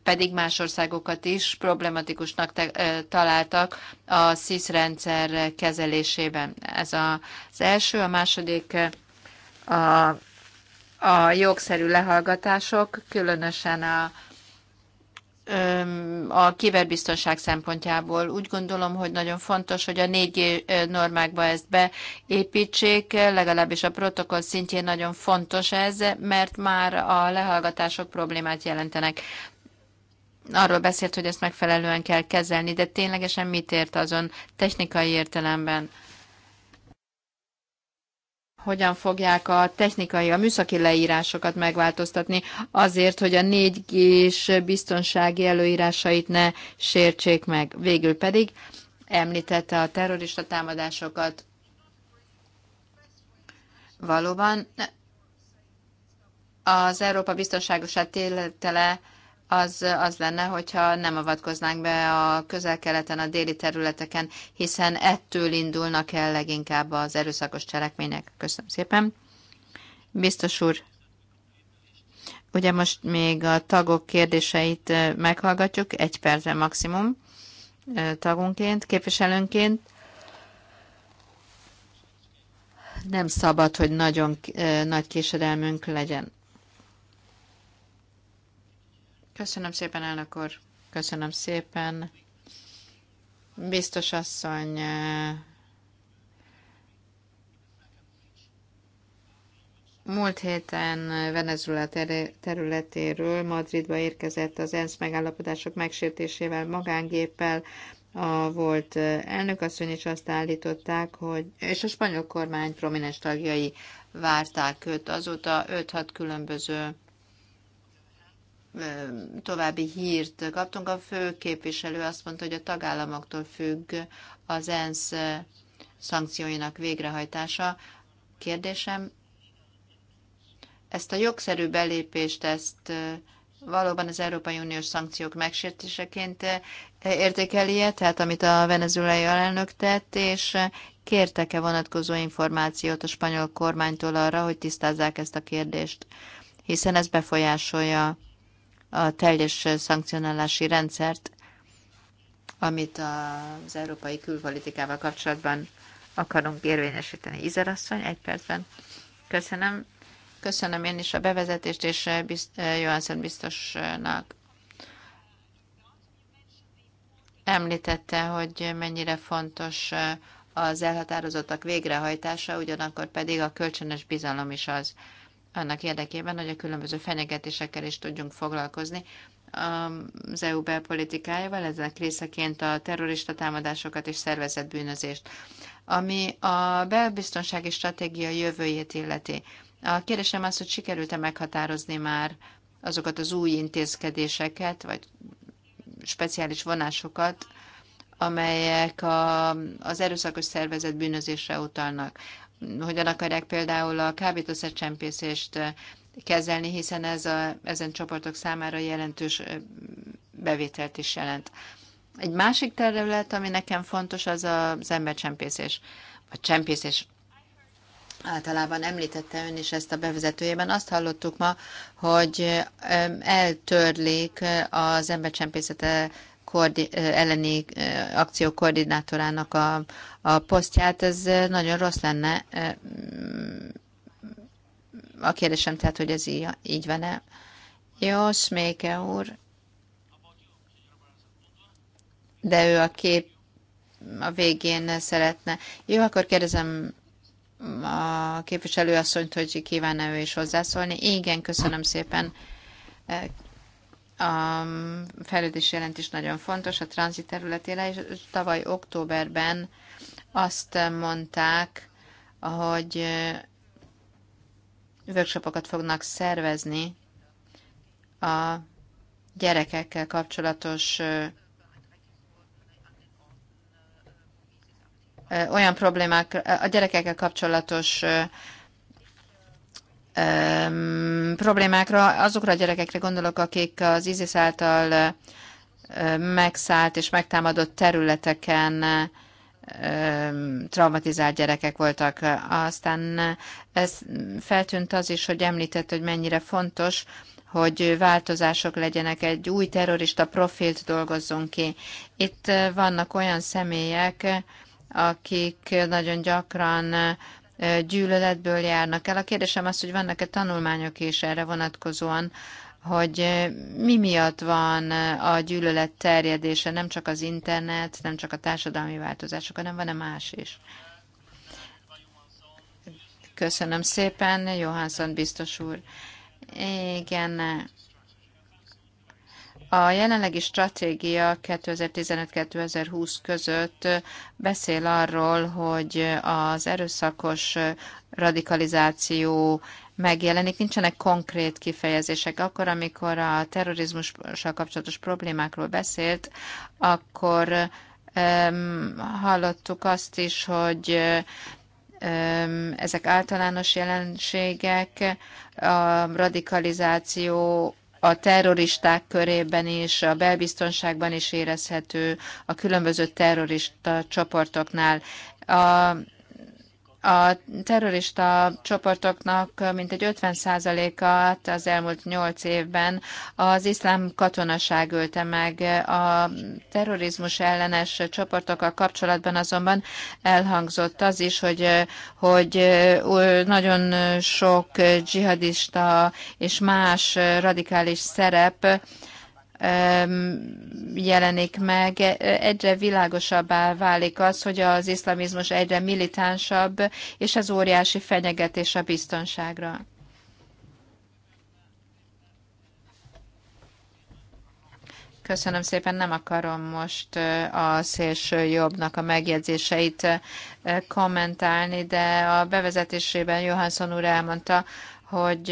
Pedig más országokat is problematikusnak te- találtak a SZISZ rendszer kezelésében. Ez a, az első, a második a, a jogszerű lehallgatások, különösen a a kiberbiztonság szempontjából. Úgy gondolom, hogy nagyon fontos, hogy a 4G normákba ezt beépítsék, legalábbis a protokoll szintjén nagyon fontos ez, mert már a lehallgatások problémát jelentenek. Arról beszélt, hogy ezt megfelelően kell kezelni, de ténylegesen mit ért azon technikai értelemben? hogyan fogják a technikai, a műszaki leírásokat megváltoztatni azért, hogy a 4 g biztonsági előírásait ne sértsék meg. Végül pedig említette a terrorista támadásokat. Valóban az Európa biztonságosát téletele az, az lenne, hogyha nem avatkoznánk be a közel-keleten, a déli területeken, hiszen ettől indulnak el leginkább az erőszakos cselekmények. Köszönöm szépen. Biztos úr, ugye most még a tagok kérdéseit meghallgatjuk, egy percre maximum tagunként, képviselőnként. Nem szabad, hogy nagyon nagy késedelmünk legyen. Köszönöm szépen, elnök úr. Köszönöm szépen. Biztos asszony, eh, múlt héten Venezuela területéről Madridba érkezett az ENSZ megállapodások megsértésével magángéppel, a volt eh, elnökasszony és azt állították, hogy, és a spanyol kormány prominens tagjai várták őt. Azóta 5-6 különböző további hírt kaptunk. A fő képviselő azt mondta, hogy a tagállamoktól függ az ENSZ szankcióinak végrehajtása. Kérdésem, ezt a jogszerű belépést, ezt valóban az Európai Uniós szankciók megsértéseként értékelje, tehát amit a venezuelai alelnök tett, és kértek-e vonatkozó információt a spanyol kormánytól arra, hogy tisztázzák ezt a kérdést, hiszen ez befolyásolja a teljes szankcionálási rendszert, amit az európai külpolitikával kapcsolatban akarunk érvényesíteni. Izer asszony, egy percben. Köszönöm. Köszönöm én is a bevezetést, és eh, bizt, eh, Johansson biztosnak említette, hogy mennyire fontos eh, az elhatározottak végrehajtása, ugyanakkor pedig a kölcsönös bizalom is az, annak érdekében, hogy a különböző fenyegetésekkel is tudjunk foglalkozni az EU belpolitikájával, ezek részeként a terrorista támadásokat és szervezett bűnözést. Ami a belbiztonsági stratégia jövőjét illeti. A kérdésem az, hogy sikerült-e meghatározni már azokat az új intézkedéseket, vagy speciális vonásokat, amelyek a, az erőszakos szervezet bűnözésre utalnak hogyan akarják például a csempészést eh, kezelni, hiszen ez a, ezen csoportok számára jelentős eh, bevételt is jelent. Egy másik terület, ami nekem fontos, az az embercsempészés, vagy csempészés általában említette ön is ezt a bevezetőjében. Azt hallottuk ma, hogy eh, eltörlik az embercsempészete koordi- elleni akció koordinátorának a, a posztját, ez nagyon rossz lenne. Mm, a kérdésem tehát, hogy ez így, így van-e. Jó, Sméke úr. De ő a kép a végén szeretne. Jó, akkor kérdezem a képviselőasszonyt, hogy kívánna ő is hozzászólni. Igen, köszönöm szépen a fejlődési jelentés nagyon fontos a tranzit területére, és tavaly októberben azt mondták, hogy workshopokat fognak szervezni a gyerekekkel kapcsolatos olyan problémák, a gyerekekkel kapcsolatos problémákra, azokra a gyerekekre gondolok, akik az ISIS által megszállt és megtámadott területeken traumatizált gyerekek voltak. Aztán ez feltűnt az is, hogy említett, hogy mennyire fontos, hogy változások legyenek, egy új terrorista profilt dolgozzunk ki. Itt vannak olyan személyek, akik nagyon gyakran gyűlöletből járnak el. A kérdésem az, hogy vannak-e tanulmányok is erre vonatkozóan, hogy mi miatt van a gyűlölet terjedése, nem csak az internet, nem csak a társadalmi változások, hanem van-e más is. Köszönöm szépen, Johansson biztos úr. Igen, a jelenlegi stratégia 2015-2020 között beszél arról, hogy az erőszakos radikalizáció megjelenik. Nincsenek konkrét kifejezések. Akkor, amikor a terrorizmussal kapcsolatos problémákról beszélt, akkor um, hallottuk azt is, hogy um, ezek általános jelenségek, a radikalizáció a terroristák körében is, a belbiztonságban is érezhető, a különböző terrorista csoportoknál. A a terrorista csoportoknak mintegy 50%-át az elmúlt 8 évben az iszlám katonaság ölte meg. A terrorizmus ellenes csoportokkal kapcsolatban azonban elhangzott az is, hogy, hogy nagyon sok dzsihadista és más radikális szerep jelenik meg, egyre világosabbá válik az, hogy az iszlamizmus egyre militánsabb, és ez óriási fenyegetés a biztonságra. Köszönöm szépen, nem akarom most a szélső jobbnak a megjegyzéseit kommentálni, de a bevezetésében Johansson úr elmondta, hogy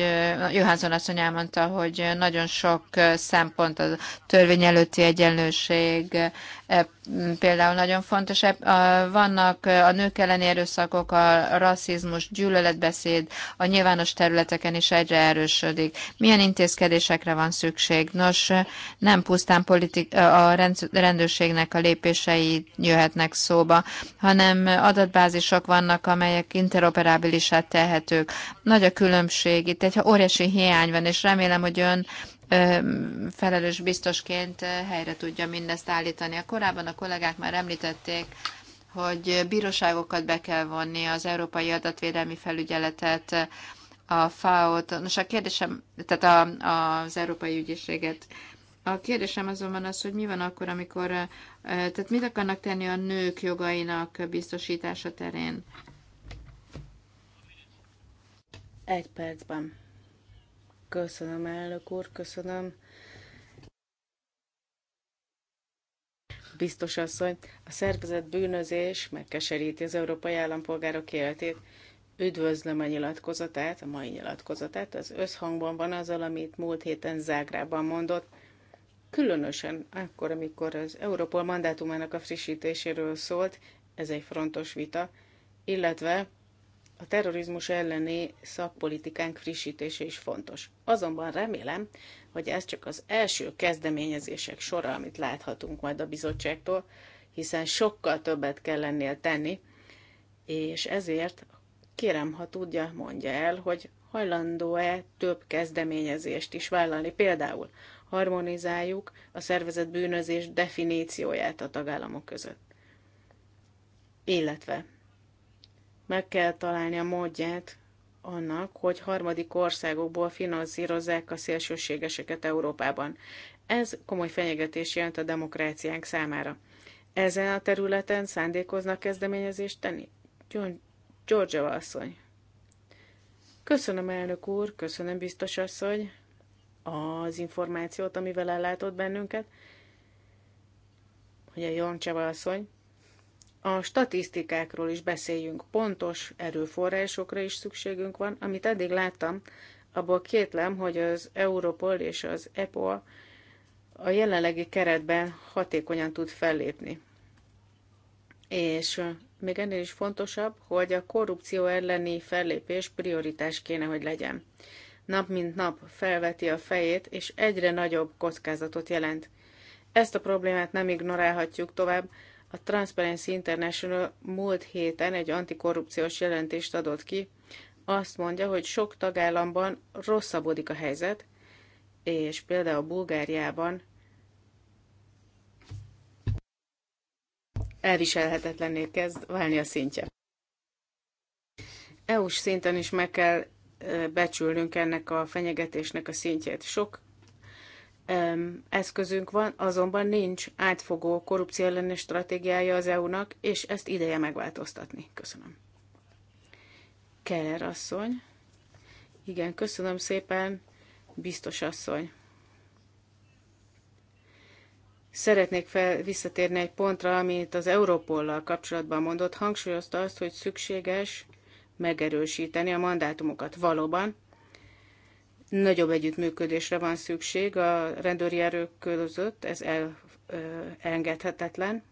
Johansson asszony elmondta, hogy nagyon sok szempont a törvény előtti egyenlőség, például nagyon fontos. Vannak a nők elleni erőszakok, a rasszizmus, gyűlöletbeszéd a nyilvános területeken is egyre erősödik. Milyen intézkedésekre van szükség? Nos, nem pusztán politik, a rendőrségnek a lépései jöhetnek szóba, hanem adatbázisok vannak, amelyek interoperábilisát tehetők. Nagy a különbség, itt egy óriási hiány van, és remélem, hogy ön felelős biztosként helyre tudja mindezt állítani. A korábban a kollégák már említették, hogy bíróságokat be kell vonni, az Európai Adatvédelmi Felügyeletet, a FAO-t. Nos, a kérdésem, tehát a, az Európai Ügyészséget. A kérdésem azonban az, hogy mi van akkor, amikor, tehát mit akarnak tenni a nők jogainak biztosítása terén? Egy percben. Köszönöm, elnök úr, köszönöm. Biztos asszony, a szervezet bűnözés megkeseríti az európai állampolgárok életét. Üdvözlöm a nyilatkozatát, a mai nyilatkozatát. Az összhangban van azzal, amit múlt héten Zágrában mondott. Különösen akkor, amikor az Európol mandátumának a frissítéséről szólt, ez egy frontos vita, illetve a terrorizmus elleni szakpolitikánk frissítése is fontos. Azonban remélem, hogy ez csak az első kezdeményezések sora, amit láthatunk majd a bizottságtól, hiszen sokkal többet kell ennél tenni, és ezért kérem, ha tudja, mondja el, hogy hajlandó-e több kezdeményezést is vállalni. Például harmonizáljuk a szervezet bűnözés definícióját a tagállamok között. Illetve meg kell találni a módját annak, hogy harmadik országokból finanszírozzák a szélsőségeseket Európában. Ez komoly fenyegetés jelent a demokráciánk számára. Ezen a területen szándékoznak kezdeményezést tenni? Georgia asszony. Köszönöm, elnök úr, köszönöm, biztos asszony, az információt, amivel ellátott bennünket. Ugye Joncseva asszony, a statisztikákról is beszéljünk, pontos erőforrásokra is szükségünk van. Amit eddig láttam, abból kétlem, hogy az Europol és az EPO a jelenlegi keretben hatékonyan tud fellépni. És még ennél is fontosabb, hogy a korrupció elleni fellépés prioritás kéne, hogy legyen. Nap mint nap felveti a fejét, és egyre nagyobb kockázatot jelent. Ezt a problémát nem ignorálhatjuk tovább, a Transparency International múlt héten egy antikorrupciós jelentést adott ki, azt mondja, hogy sok tagállamban rosszabbodik a helyzet, és például Bulgáriában elviselhetetlenné kezd válni a szintje. EU-s szinten is meg kell becsülnünk ennek a fenyegetésnek a szintjét. Sok eszközünk van, azonban nincs átfogó korrupció ellenes stratégiája az EU-nak, és ezt ideje megváltoztatni. Köszönöm. Keller asszony. Igen, köszönöm szépen, biztos asszony. Szeretnék fel, visszatérni egy pontra, amit az Európollal kapcsolatban mondott. Hangsúlyozta azt, hogy szükséges megerősíteni a mandátumokat. Valóban, Nagyobb együttműködésre van szükség a rendőri erők között, ez el, elengedhetetlen.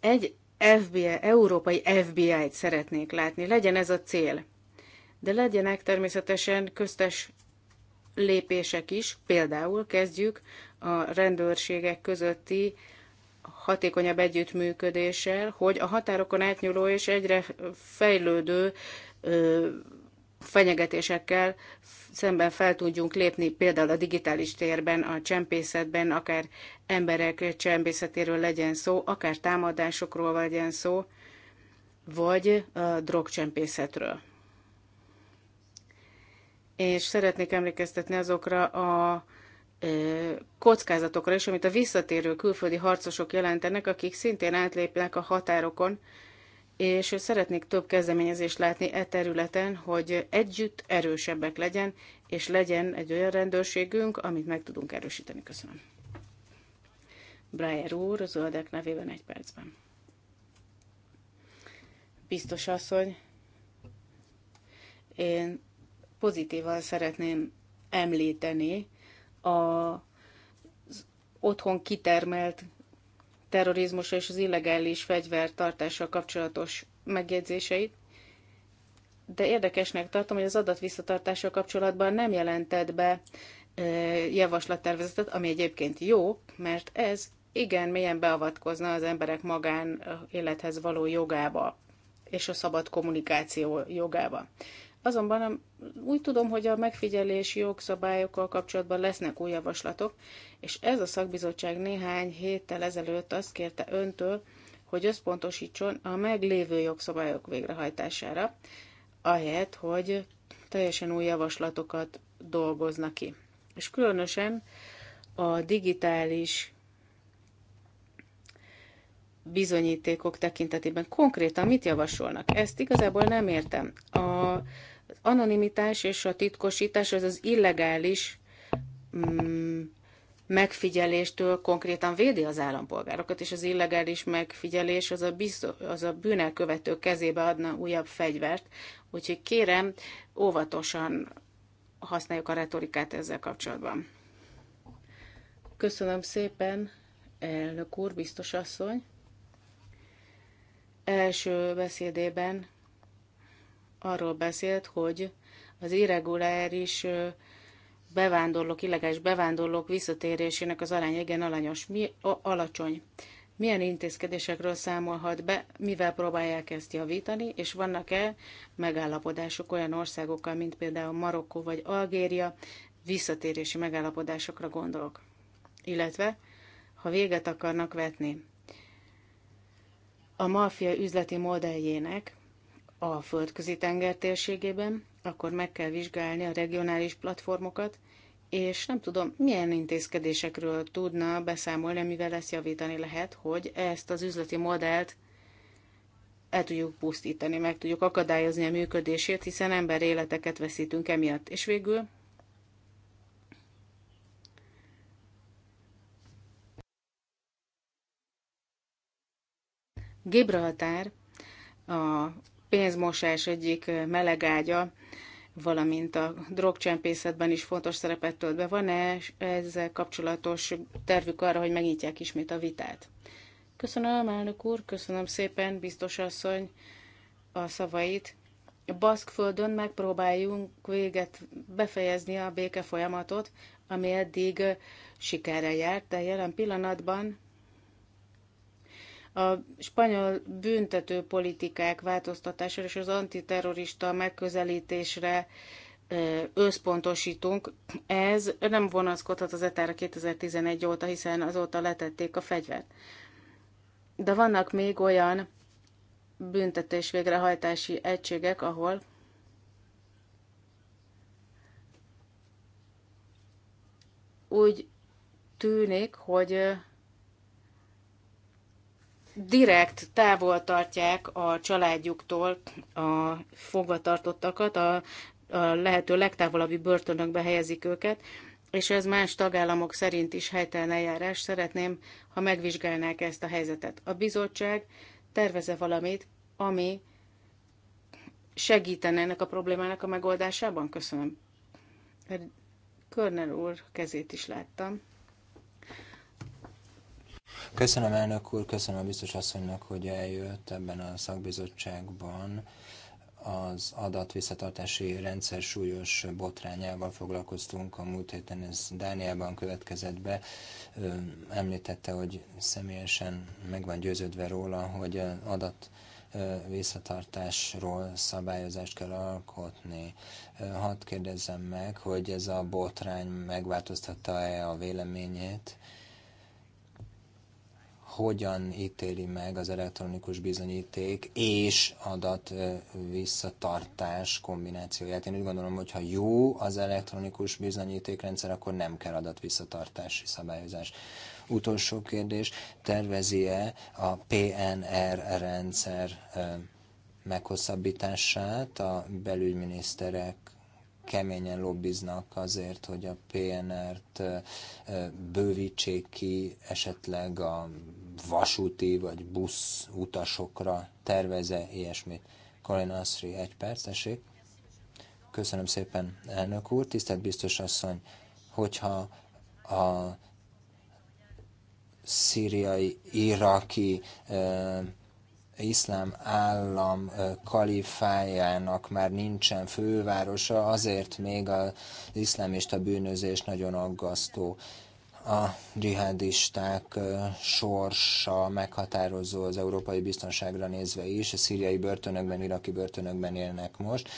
Egy FBI, európai FBI-t szeretnék látni, legyen ez a cél. De legyenek természetesen köztes lépések is, például kezdjük a rendőrségek közötti hatékonyabb együttműködéssel, hogy a határokon átnyúló és egyre fejlődő fenyegetésekkel szemben fel tudjunk lépni, például a digitális térben, a csempészetben, akár emberek csempészetéről legyen szó, akár támadásokról legyen szó, vagy a drogcsempészetről. És szeretnék emlékeztetni azokra a kockázatokra is, amit a visszatérő külföldi harcosok jelentenek, akik szintén átlépnek a határokon, és szeretnék több kezdeményezést látni e területen, hogy együtt erősebbek legyen, és legyen egy olyan rendőrségünk, amit meg tudunk erősíteni. Köszönöm. Breyer úr, a zöldek nevében egy percben. Biztos asszony, én pozitívan szeretném említeni a otthon kitermelt terrorizmus és az illegális fegyvertartással kapcsolatos megjegyzéseit, de érdekesnek tartom, hogy az adat visszatartással kapcsolatban nem jelentett be javaslattervezetet, ami egyébként jó, mert ez igen mélyen beavatkozna az emberek magán élethez való jogába és a szabad kommunikáció jogába. Azonban úgy tudom, hogy a megfigyelési jogszabályokkal kapcsolatban lesznek új javaslatok, és ez a szakbizottság néhány héttel ezelőtt azt kérte öntől, hogy összpontosítson a meglévő jogszabályok végrehajtására, ahelyett, hogy teljesen új javaslatokat dolgoznak ki. És különösen a digitális bizonyítékok tekintetében konkrétan mit javasolnak? Ezt igazából nem értem. A az anonimitás és a titkosítás az az illegális mm, megfigyeléstől konkrétan védi az állampolgárokat, és az illegális megfigyelés az a, biztos, az a bűnelkövető kezébe adna újabb fegyvert. Úgyhogy kérem, óvatosan használjuk a retorikát ezzel kapcsolatban. Köszönöm szépen, elnök úr, biztos asszony. Első beszédében arról beszélt, hogy az irreguláris bevándorlók, illegális bevándorlók visszatérésének az aránya igen alanyos, mi, a, alacsony. Milyen intézkedésekről számolhat be, mivel próbálják ezt javítani, és vannak-e megállapodások olyan országokkal, mint például Marokkó vagy Algéria, visszatérési megállapodásokra gondolok. Illetve, ha véget akarnak vetni a maffia üzleti modelljének, a földközi tenger térségében, akkor meg kell vizsgálni a regionális platformokat, és nem tudom, milyen intézkedésekről tudna beszámolni, amivel ezt javítani lehet, hogy ezt az üzleti modellt el tudjuk pusztítani, meg tudjuk akadályozni a működését, hiszen ember életeket veszítünk emiatt. És végül Gibraltár a pénzmosás egyik melegágya, valamint a drogcsempészetben is fontos szerepet tölt be. Van-e ezzel kapcsolatos tervük arra, hogy megnyitják ismét a vitát? Köszönöm, elnök úr, köszönöm szépen, biztos asszony, a szavait. Baszkföldön megpróbáljunk véget befejezni a béke folyamatot, ami eddig sikerrel járt, de jelen pillanatban a spanyol büntető politikák változtatására és az antiterrorista megközelítésre összpontosítunk. Ez nem vonatkozhat az etára e 2011 óta, hiszen azóta letették a fegyvert. De vannak még olyan büntetés végrehajtási egységek, ahol úgy tűnik, hogy direkt távol tartják a családjuktól a fogvatartottakat, a, a lehető legtávolabbi börtönökbe helyezik őket, és ez más tagállamok szerint is helytelen eljárás. Szeretném, ha megvizsgálnák ezt a helyzetet. A bizottság terveze valamit, ami segítene ennek a problémának a megoldásában? Köszönöm. Körner úr kezét is láttam. Köszönöm elnök úr, köszönöm a biztos asszonynak, hogy eljött ebben a szakbizottságban az adatvisszatartási rendszer súlyos botrányával foglalkoztunk a múlt héten, ez Dániában következett be. Említette, hogy személyesen meg van győződve róla, hogy adat visszatartásról szabályozást kell alkotni. Hadd kérdezzem meg, hogy ez a botrány megváltoztatta-e a véleményét, hogyan ítéli meg az elektronikus bizonyíték és adat visszatartás kombinációját. Én úgy gondolom, hogy ha jó az elektronikus bizonyítékrendszer, akkor nem kell adat visszatartási szabályozás. Utolsó kérdés, tervezi-e a PNR rendszer meghosszabbítását a belügyminiszterek keményen lobbiznak azért, hogy a PNR-t bővítsék ki esetleg a vasúti vagy busz utasokra terveze ilyesmit. Colin Asri, egy perc, esik. Köszönöm szépen, elnök úr. Tisztelt biztos asszony, hogyha a szíriai, iraki iszlám állam kalifájának már nincsen fővárosa, azért még az iszlámista bűnözés nagyon aggasztó. A dzsihadisták sorsa meghatározó az európai biztonságra nézve is. A szíriai börtönökben, iraki börtönökben élnek most.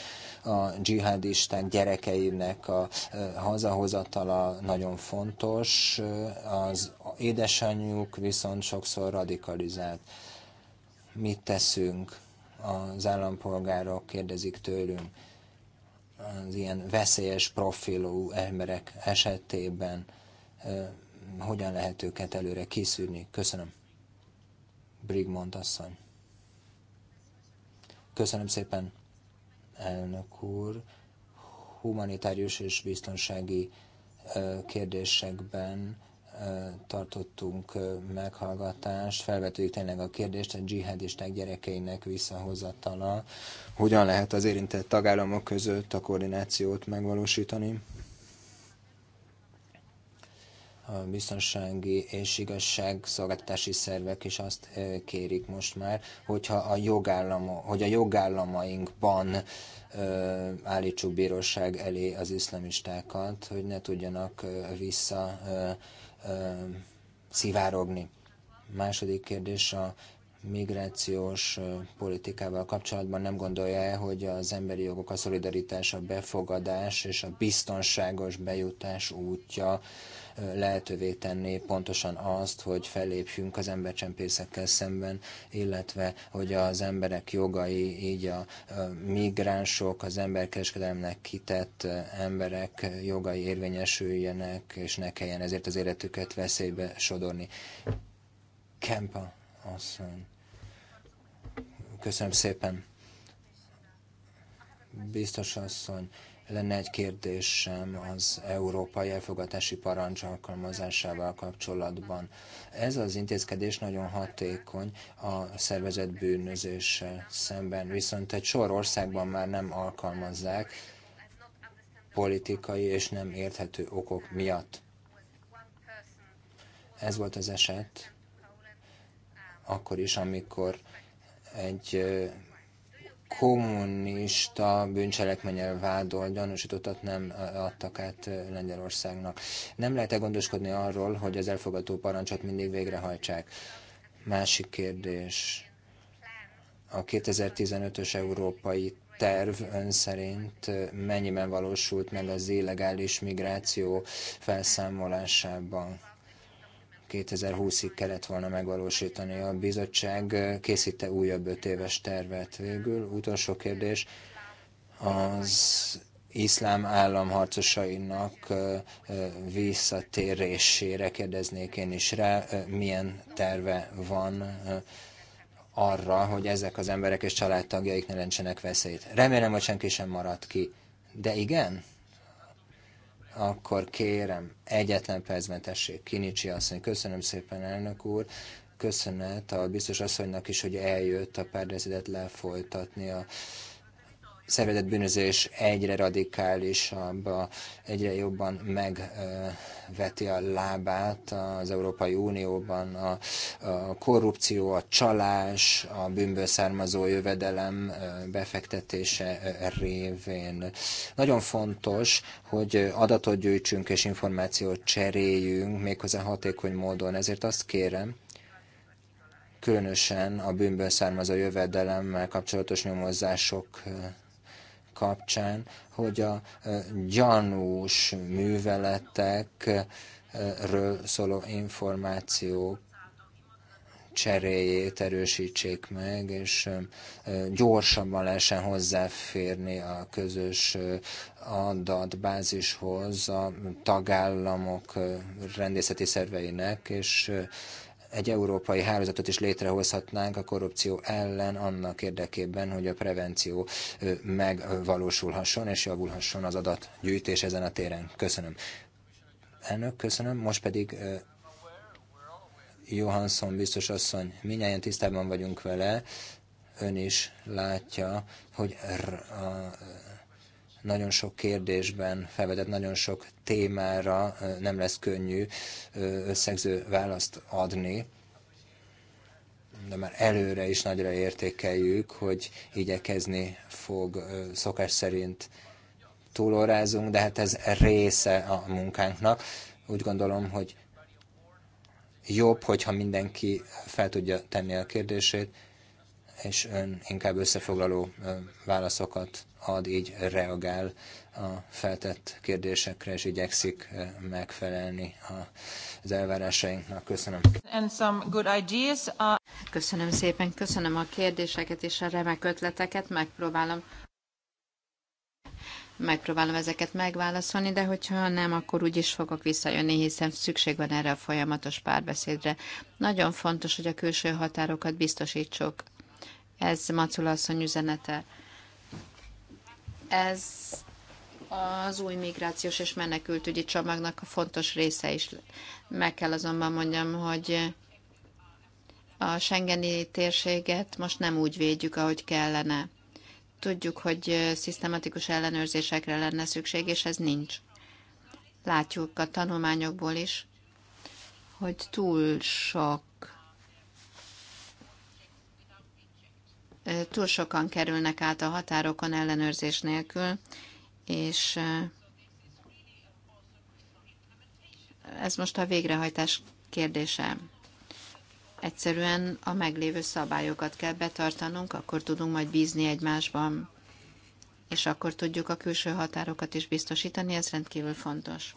A dzsihadisták gyerekeinek a hazahozatala nagyon fontos. Az édesanyjuk viszont sokszor radikalizált mit teszünk, az állampolgárok kérdezik tőlünk az ilyen veszélyes profilú emberek esetében, hogyan lehet őket előre kiszűrni. Köszönöm. Brigmond asszony. Köszönöm szépen, elnök úr. Humanitárius és biztonsági kérdésekben tartottunk meghallgatást, felvetődik tényleg a kérdést a dzsihadisták gyerekeinek visszahozatala. Hogyan lehet az érintett tagállamok között a koordinációt megvalósítani? A biztonsági és igazságszolgáltatási szervek is azt kérik most már, hogyha a, jogállam, hogy a jogállamainkban állítsuk bíróság elé az iszlamistákat, hogy ne tudjanak vissza szivárogni. Második kérdés a migrációs politikával kapcsolatban nem gondolja-e, hogy az emberi jogok, a szolidaritás, a befogadás és a biztonságos bejutás útja lehetővé tenni pontosan azt, hogy fellépjünk az embercsempészekkel szemben, illetve hogy az emberek jogai, így a migránsok, az emberkereskedelemnek kitett emberek jogai érvényesüljenek, és ne kelljen ezért az életüket veszélybe sodorni. Kempa awesome. Köszönöm szépen. Biztos asszony, lenne egy kérdésem az európai elfogatási parancs alkalmazásával kapcsolatban. Ez az intézkedés nagyon hatékony a szervezett bűnözéssel szemben, viszont egy sor országban már nem alkalmazzák politikai és nem érthető okok miatt. Ez volt az eset akkor is, amikor egy kommunista bűncselekménnyel vádolt gyanúsítottat nem adtak át Lengyelországnak. Nem lehet-e gondoskodni arról, hogy az elfogadó parancsot mindig végrehajtsák? Másik kérdés. A 2015-ös európai terv ön szerint mennyiben valósult meg az illegális migráció felszámolásában? 2020-ig kellett volna megvalósítani. A bizottság készíte újabb öt éves tervet végül. Utolsó kérdés, az iszlám állam harcosainak visszatérésére kérdeznék én is rá, milyen terve van arra, hogy ezek az emberek és családtagjaik ne lencsenek veszélyt. Remélem, hogy senki sem maradt ki. De igen? akkor kérem, egyetlen percben tessék, Kinicsi asszony, köszönöm szépen, elnök úr, köszönet a biztos asszonynak is, hogy eljött a párbeszédet lefolytatni a szervezett bűnözés egyre radikálisabb, egyre jobban megveti a lábát az Európai Unióban a, a korrupció, a csalás, a bűnből származó jövedelem befektetése révén. Nagyon fontos, hogy adatot gyűjtsünk és információt cseréljünk, méghozzá hatékony módon. Ezért azt kérem, különösen a bűnből származó jövedelemmel kapcsolatos nyomozások kapcsán, hogy a gyanús műveletekről szóló információk cseréjét erősítsék meg, és gyorsabban lehessen hozzáférni a közös adatbázishoz a tagállamok rendészeti szerveinek, és egy európai hálózatot is létrehozhatnánk a korrupció ellen annak érdekében, hogy a prevenció megvalósulhasson és javulhasson az adatgyűjtés ezen a téren. Köszönöm. Elnök, köszönöm. Most pedig Johansson biztos asszony, minnyáján tisztában vagyunk vele, ön is látja, hogy a nagyon sok kérdésben felvetett, nagyon sok témára nem lesz könnyű összegző választ adni, de már előre is nagyra értékeljük, hogy igyekezni fog szokás szerint túlórázunk, de hát ez része a munkánknak. Úgy gondolom, hogy jobb, hogyha mindenki fel tudja tenni a kérdését, és ön inkább összefoglaló válaszokat ad, így reagál a feltett kérdésekre, és igyekszik eh, megfelelni az elvárásainknak. Köszönöm. And some good ideas. Are... Uh, köszönöm szépen, köszönöm a kérdéseket és a remek ötleteket, megpróbálom megpróbálom ezeket megválaszolni, de hogyha nem, akkor úgy is fogok visszajönni, hiszen szükség van erre a folyamatos párbeszédre. Nagyon fontos, hogy a külső határokat biztosítsuk. Ez Macula asszony üzenete ez az új migrációs és menekültügyi csomagnak a fontos része is. Meg kell azonban mondjam, hogy a Schengeni térséget most nem úgy védjük, ahogy kellene. Tudjuk, hogy szisztematikus ellenőrzésekre lenne szükség, és ez nincs. Látjuk a tanulmányokból is, hogy túl sok túl sokan kerülnek át a határokon ellenőrzés nélkül, és ez most a végrehajtás kérdése. Egyszerűen a meglévő szabályokat kell betartanunk, akkor tudunk majd bízni egymásban, és akkor tudjuk a külső határokat is biztosítani, ez rendkívül fontos.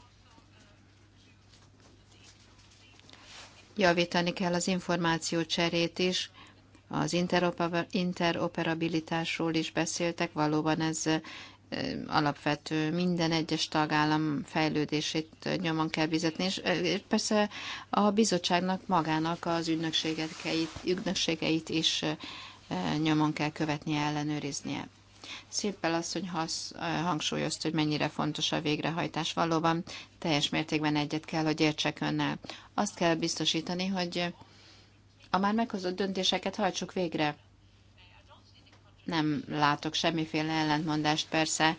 Javítani kell az információ cserét is, az interoperabilitásról is beszéltek, valóban ez alapvető minden egyes tagállam fejlődését nyomon kell vizetni, és persze a bizottságnak magának az ügynökségeit is nyomon kell követnie, ellenőriznie. Szimpel asszony hangsúlyozta, hogy mennyire fontos a végrehajtás. Valóban teljes mértékben egyet kell, hogy értsek önnel. Azt kell biztosítani, hogy a már meghozott döntéseket hajtsuk végre. Nem látok semmiféle ellentmondást persze,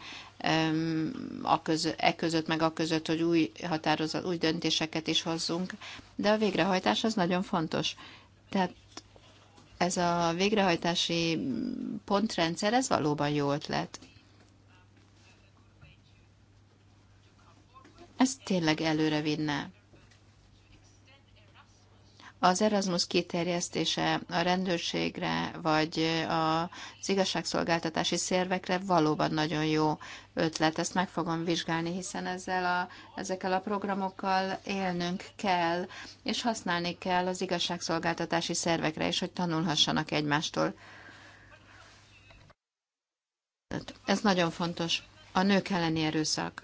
a közö, e között meg a között, hogy új határozat, új döntéseket is hozzunk, de a végrehajtás az nagyon fontos. Tehát ez a végrehajtási pontrendszer, ez valóban jó ötlet. Ez tényleg előre vinne. Az Erasmus kiterjesztése a rendőrségre vagy az igazságszolgáltatási szervekre valóban nagyon jó ötlet. Ezt meg fogom vizsgálni, hiszen ezzel a, ezekkel a programokkal élnünk kell, és használni kell az igazságszolgáltatási szervekre is, hogy tanulhassanak egymástól. Ez nagyon fontos. A nők elleni erőszak.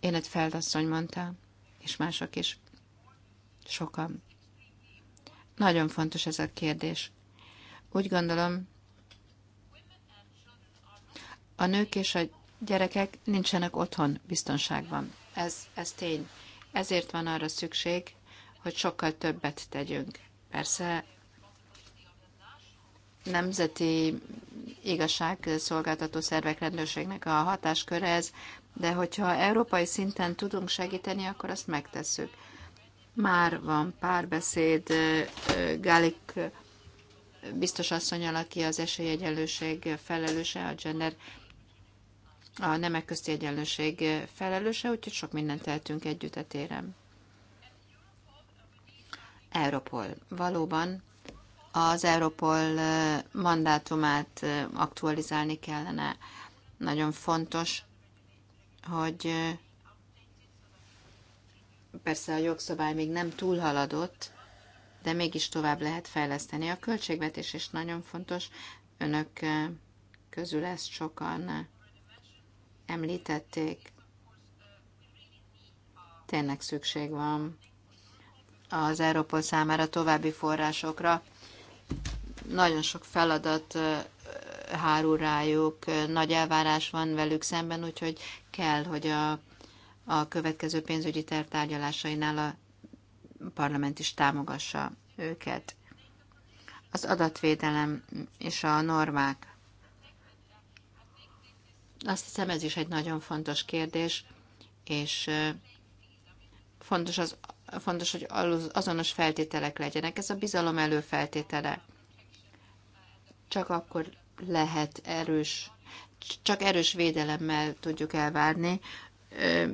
Én egy feldasszony mondta, és mások is sokan. Nagyon fontos ez a kérdés. Úgy gondolom, a nők és a gyerekek nincsenek otthon biztonságban. Ez, ez tény. Ezért van arra szükség, hogy sokkal többet tegyünk. Persze nemzeti igazságszolgáltató szervek rendőrségnek a hatásköre ez, de hogyha európai szinten tudunk segíteni, akkor azt megtesszük. Már van párbeszéd Gálik biztos asszonyal, aki az esélyegyenlőség felelőse, a gender a nemek közti egyenlőség felelőse, úgyhogy sok mindent tehetünk együtt a téren. Europol. Valóban az Europol mandátumát aktualizálni kellene. Nagyon fontos, hogy Persze a jogszabály még nem túlhaladott, de mégis tovább lehet fejleszteni. A költségvetés is nagyon fontos. Önök közül ezt sokan említették. Tényleg szükség van az Európol számára további forrásokra. Nagyon sok feladat hárul rájuk, nagy elvárás van velük szemben, úgyhogy kell, hogy a a következő pénzügyi terv tárgyalásainál a parlament is támogassa őket. Az adatvédelem és a normák. Azt hiszem, ez is egy nagyon fontos kérdés, és fontos, az, fontos hogy azonos feltételek legyenek. Ez a bizalom előfeltétele. Csak akkor lehet erős, csak erős védelemmel tudjuk elvárni,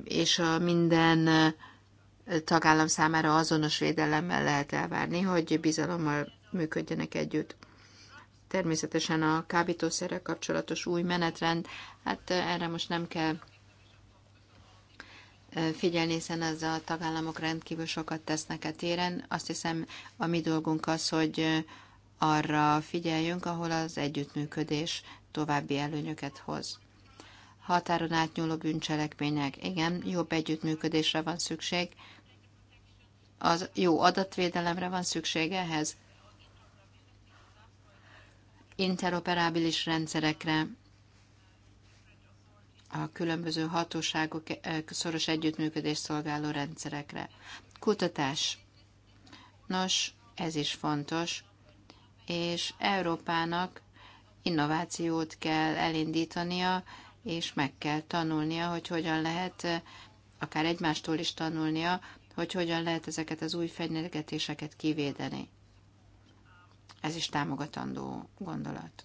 és a minden tagállam számára azonos védelemmel lehet elvárni, hogy bizalommal működjenek együtt. Természetesen a kábítószerrel kapcsolatos új menetrend, hát erre most nem kell figyelni, hiszen az a tagállamok rendkívül sokat tesznek a e téren. Azt hiszem, a mi dolgunk az, hogy arra figyeljünk, ahol az együttműködés további előnyöket hoz határon átnyúló bűncselekmények. Igen, jobb együttműködésre van szükség, az jó adatvédelemre van szükség ehhez, interoperábilis rendszerekre, a különböző hatóságok eh, szoros együttműködés szolgáló rendszerekre. Kutatás. Nos, ez is fontos, és Európának innovációt kell elindítania, és meg kell tanulnia, hogy hogyan lehet, akár egymástól is tanulnia, hogy hogyan lehet ezeket az új fenyegetéseket kivédeni. Ez is támogatandó gondolat.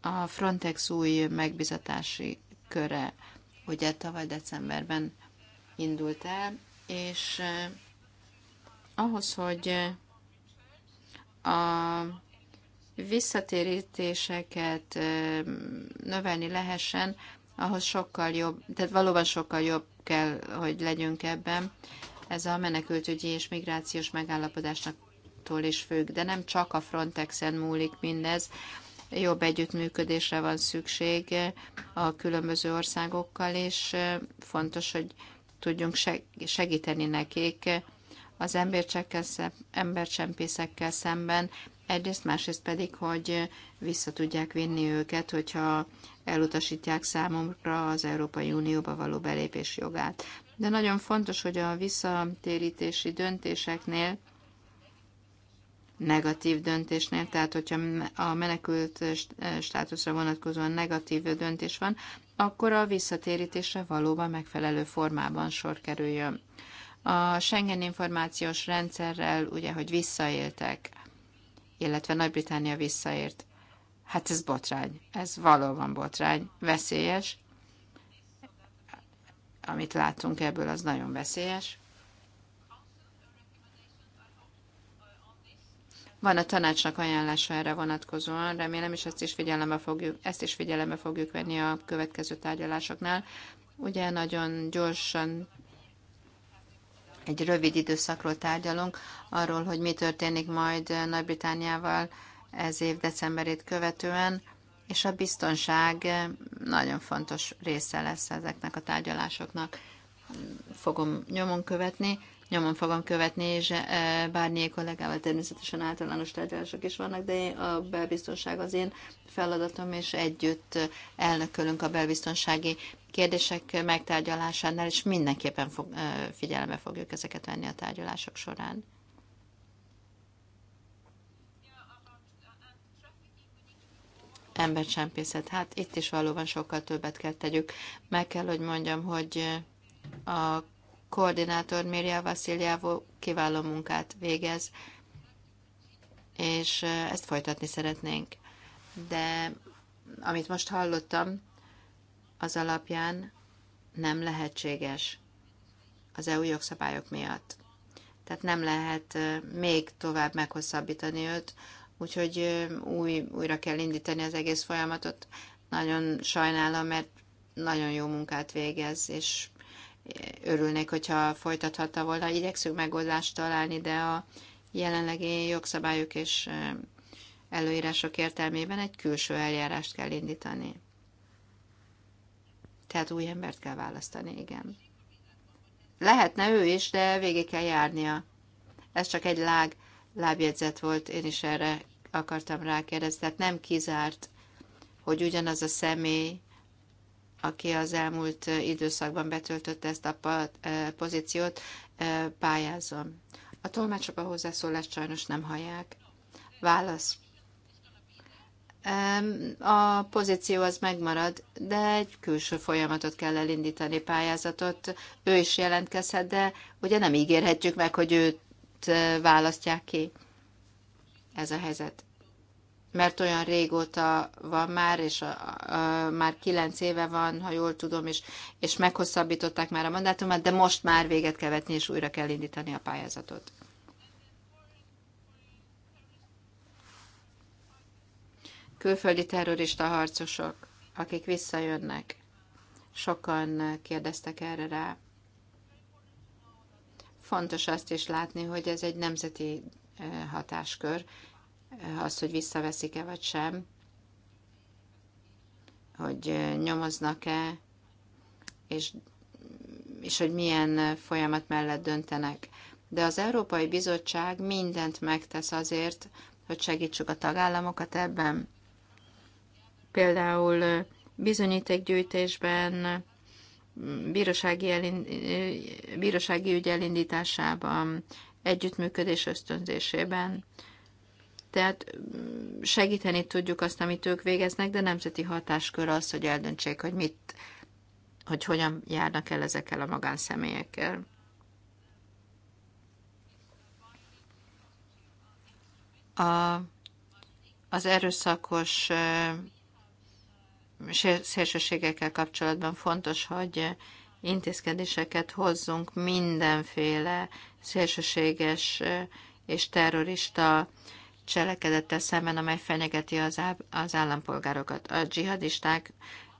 A Frontex új megbizatási köre ugye tavaly decemberben indult el, és eh, ahhoz, hogy a visszatérítéseket növelni lehessen, ahhoz sokkal jobb, tehát valóban sokkal jobb kell, hogy legyünk ebben. Ez a menekültügyi és migrációs megállapodásnak tól is függ, de nem csak a Frontexen múlik mindez, jobb együttműködésre van szükség a különböző országokkal, és fontos, hogy tudjunk segíteni nekik az embercsempészekkel szemben, Egyrészt, másrészt pedig, hogy vissza tudják vinni őket, hogyha elutasítják számomra az Európai Unióba való belépés jogát. De nagyon fontos, hogy a visszatérítési döntéseknél negatív döntésnél, tehát hogyha a menekült státuszra vonatkozóan negatív döntés van, akkor a visszatérítésre valóban megfelelő formában sor kerüljön. A Schengen információs rendszerrel ugye, hogy visszaéltek, illetve Nagy-Britannia visszaért. Hát ez botrány, ez valóban botrány, veszélyes. Amit látunk ebből, az nagyon veszélyes. Van a tanácsnak ajánlása erre vonatkozóan, remélem, és ezt is figyelembe fogjuk, ezt is figyelembe fogjuk venni a következő tárgyalásoknál. Ugye nagyon gyorsan egy rövid időszakról tárgyalunk, arról, hogy mi történik majd Nagy-Britániával ez év decemberét követően, és a biztonság nagyon fontos része lesz ezeknek a tárgyalásoknak. Fogom nyomon követni, nyomon fogom követni, és eh, bármilyen kollégával természetesen általános tárgyalások is vannak, de a belbiztonság az én feladatom, és együtt eh, elnökölünk a belbiztonsági kérdések megtárgyalásánál, és mindenképpen fog, figyelembe fogjuk ezeket venni a tárgyalások során. embercsempészet. Hát itt is valóban sokkal többet kell tegyük. Meg kell, hogy mondjam, hogy a koordinátor Mirja Vasziljávó kiváló munkát végez, és ezt folytatni szeretnénk. De amit most hallottam, az alapján nem lehetséges az EU jogszabályok miatt. Tehát nem lehet még tovább meghosszabbítani őt, úgyhogy új, újra kell indítani az egész folyamatot. Nagyon sajnálom, mert nagyon jó munkát végez, és örülnék, hogyha folytathatta volna. Igyekszünk megoldást találni, de a jelenlegi jogszabályok és előírások értelmében egy külső eljárást kell indítani. Tehát új embert kell választani, igen. Lehetne ő is, de végig kell járnia. Ez csak egy láb, lábjegyzet volt, én is erre akartam rákérdezni. Tehát nem kizárt, hogy ugyanaz a személy, aki az elmúlt időszakban betöltötte ezt a e, pozíciót, e, pályázom. A tolmácsok a hozzászólást sajnos nem hallják. Válasz a pozíció az megmarad, de egy külső folyamatot kell elindítani, pályázatot. Ő is jelentkezhet, de ugye nem ígérhetjük meg, hogy őt eh, választják ki. Ez a helyzet. Mert olyan régóta van már, és a, a, már kilenc éve van, ha jól tudom, és, és meghosszabbították már a mandátumát, de most már véget kell vetni, és újra kell indítani a pályázatot. külföldi terrorista harcosok, akik visszajönnek. Sokan kérdeztek erre rá. Fontos azt is látni, hogy ez egy nemzeti hatáskör, az, hogy visszaveszik-e vagy sem, hogy nyomoznak-e, és, és hogy milyen folyamat mellett döntenek. De az Európai Bizottság mindent megtesz azért, hogy segítsük a tagállamokat ebben például bizonyítékgyűjtésben, bírósági, elind, bírósági ügy elindításában, együttműködés ösztönzésében. Tehát segíteni tudjuk azt, amit ők végeznek, de nemzeti hatáskör az, hogy eldöntsék, hogy mit, hogy hogyan járnak el ezekkel a magánszemélyekkel. A, az erőszakos szélsőségekkel kapcsolatban fontos, hogy intézkedéseket hozzunk mindenféle szélsőséges és terrorista cselekedettel szemben, amely fenyegeti az, az állampolgárokat. A dzsihadisták,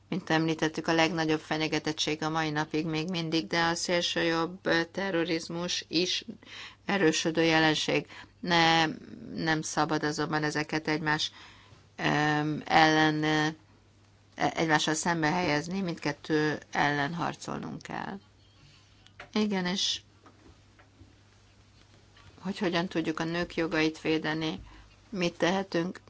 mint említettük, a legnagyobb fenyegetettség a mai napig még mindig, de a szélsőjobb terrorizmus is erősödő jelenség. Ne, nem szabad azonban ezeket egymás ellen egymással szembe helyezni, mindkettő ellen harcolnunk kell. Igen, és hogy hogyan tudjuk a nők jogait védeni, mit tehetünk.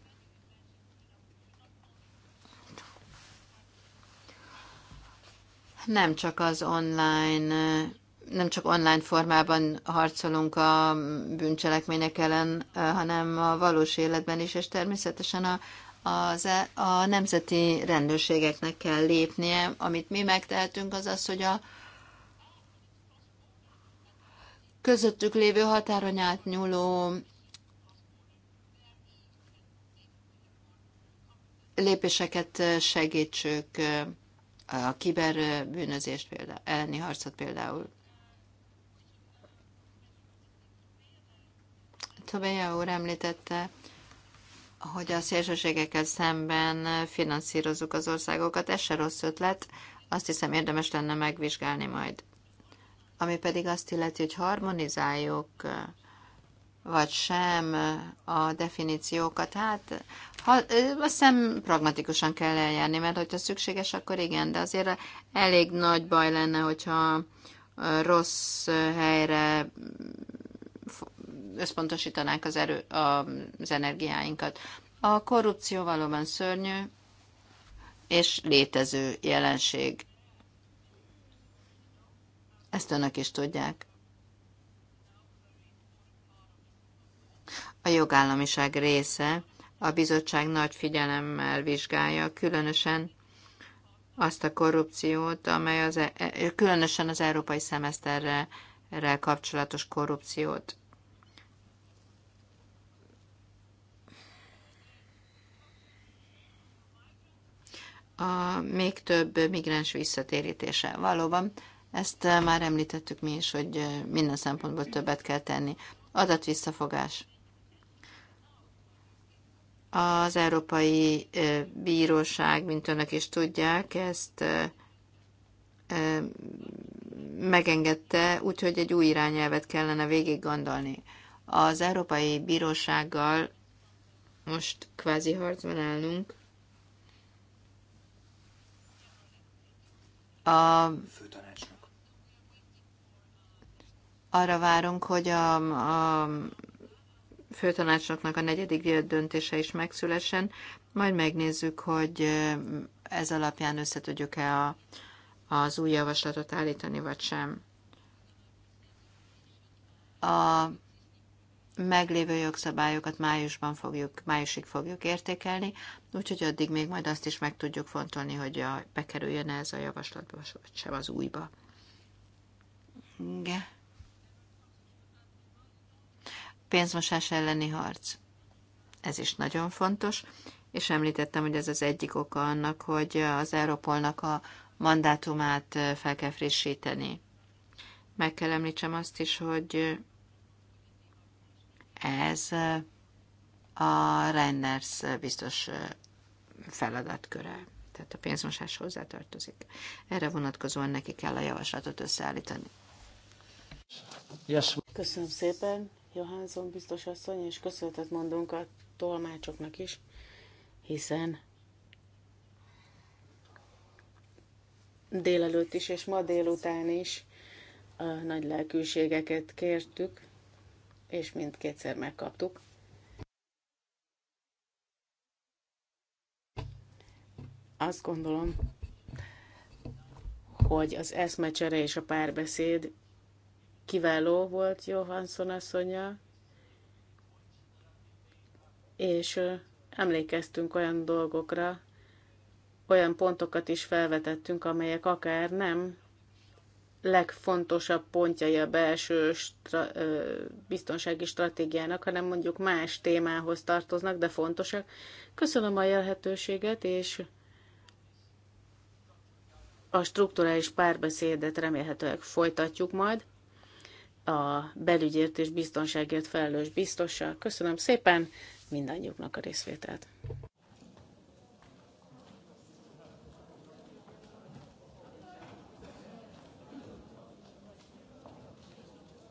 Nem csak az online, nem csak online formában harcolunk a bűncselekmények ellen, hanem a valós életben is, és természetesen a, az, e- a nemzeti rendőrségeknek kell lépnie. Amit mi megtehetünk, az az, hogy a közöttük lévő határon átnyúló lépéseket segítsük, a kiberbűnözést például, elleni harcot például. Tobeja úr említette, hogy a szélsőségekkel szemben finanszírozzuk az országokat. Ez se rossz ötlet, azt hiszem érdemes lenne megvizsgálni majd. Ami pedig azt illeti, hogy harmonizáljuk vagy sem a definíciókat, hát ha, azt hiszem pragmatikusan kell eljárni, mert hogyha szükséges, akkor igen, de azért elég nagy baj lenne, hogyha rossz helyre összpontosítanánk az, erő, az energiáinkat. A korrupció valóban szörnyű és létező jelenség. Ezt önök is tudják. A jogállamiság része a bizottság nagy figyelemmel vizsgálja, különösen azt a korrupciót, amely az, e- e- különösen az európai szemeszterrel kapcsolatos korrupciót. a még több migráns visszatérítése. Valóban, ezt már említettük mi is, hogy minden szempontból többet kell tenni. Adatvisszafogás. Az Európai Bíróság, mint önök is tudják, ezt megengedte, úgyhogy egy új irányelvet kellene végig gondolni. Az Európai Bírósággal most kvázi harcban állunk, A főtanácsnak. Arra várunk, hogy a, a főtanácsnoknak a negyedik döntése is megszülessen, majd megnézzük, hogy ez alapján összetudjuk-e a, az új javaslatot állítani, vagy sem. A meglévő jogszabályokat májusban fogjuk, májusig fogjuk értékelni, úgyhogy addig még majd azt is meg tudjuk fontolni, hogy a, bekerüljön ez a javaslatba, vagy sem az újba. Igen. Pénzmosás elleni harc. Ez is nagyon fontos, és említettem, hogy ez az egyik oka annak, hogy az Európolnak a mandátumát fel kell frissíteni. Meg kell említsem azt is, hogy ez a Renners biztos feladatköre. Tehát a pénzmosás hozzátartozik. Erre vonatkozóan neki kell a javaslatot összeállítani. Yes. Köszönöm szépen, Johansson biztos asszony, és köszönetet mondunk a tolmácsoknak is, hiszen délelőtt is, és ma délután is a nagy lelkűségeket kértük, és mindkétszer megkaptuk. Azt gondolom, hogy az eszmecsere és a párbeszéd kiváló volt Johansson asszonya, és emlékeztünk olyan dolgokra, olyan pontokat is felvetettünk, amelyek akár nem legfontosabb pontjai a belső stra- biztonsági stratégiának, hanem mondjuk más témához tartoznak, de fontosak. Köszönöm a lehetőséget, és a strukturális párbeszédet remélhetőleg folytatjuk majd a belügyért és biztonságért felelős biztossal. Köszönöm szépen mindannyiuknak a részvételt.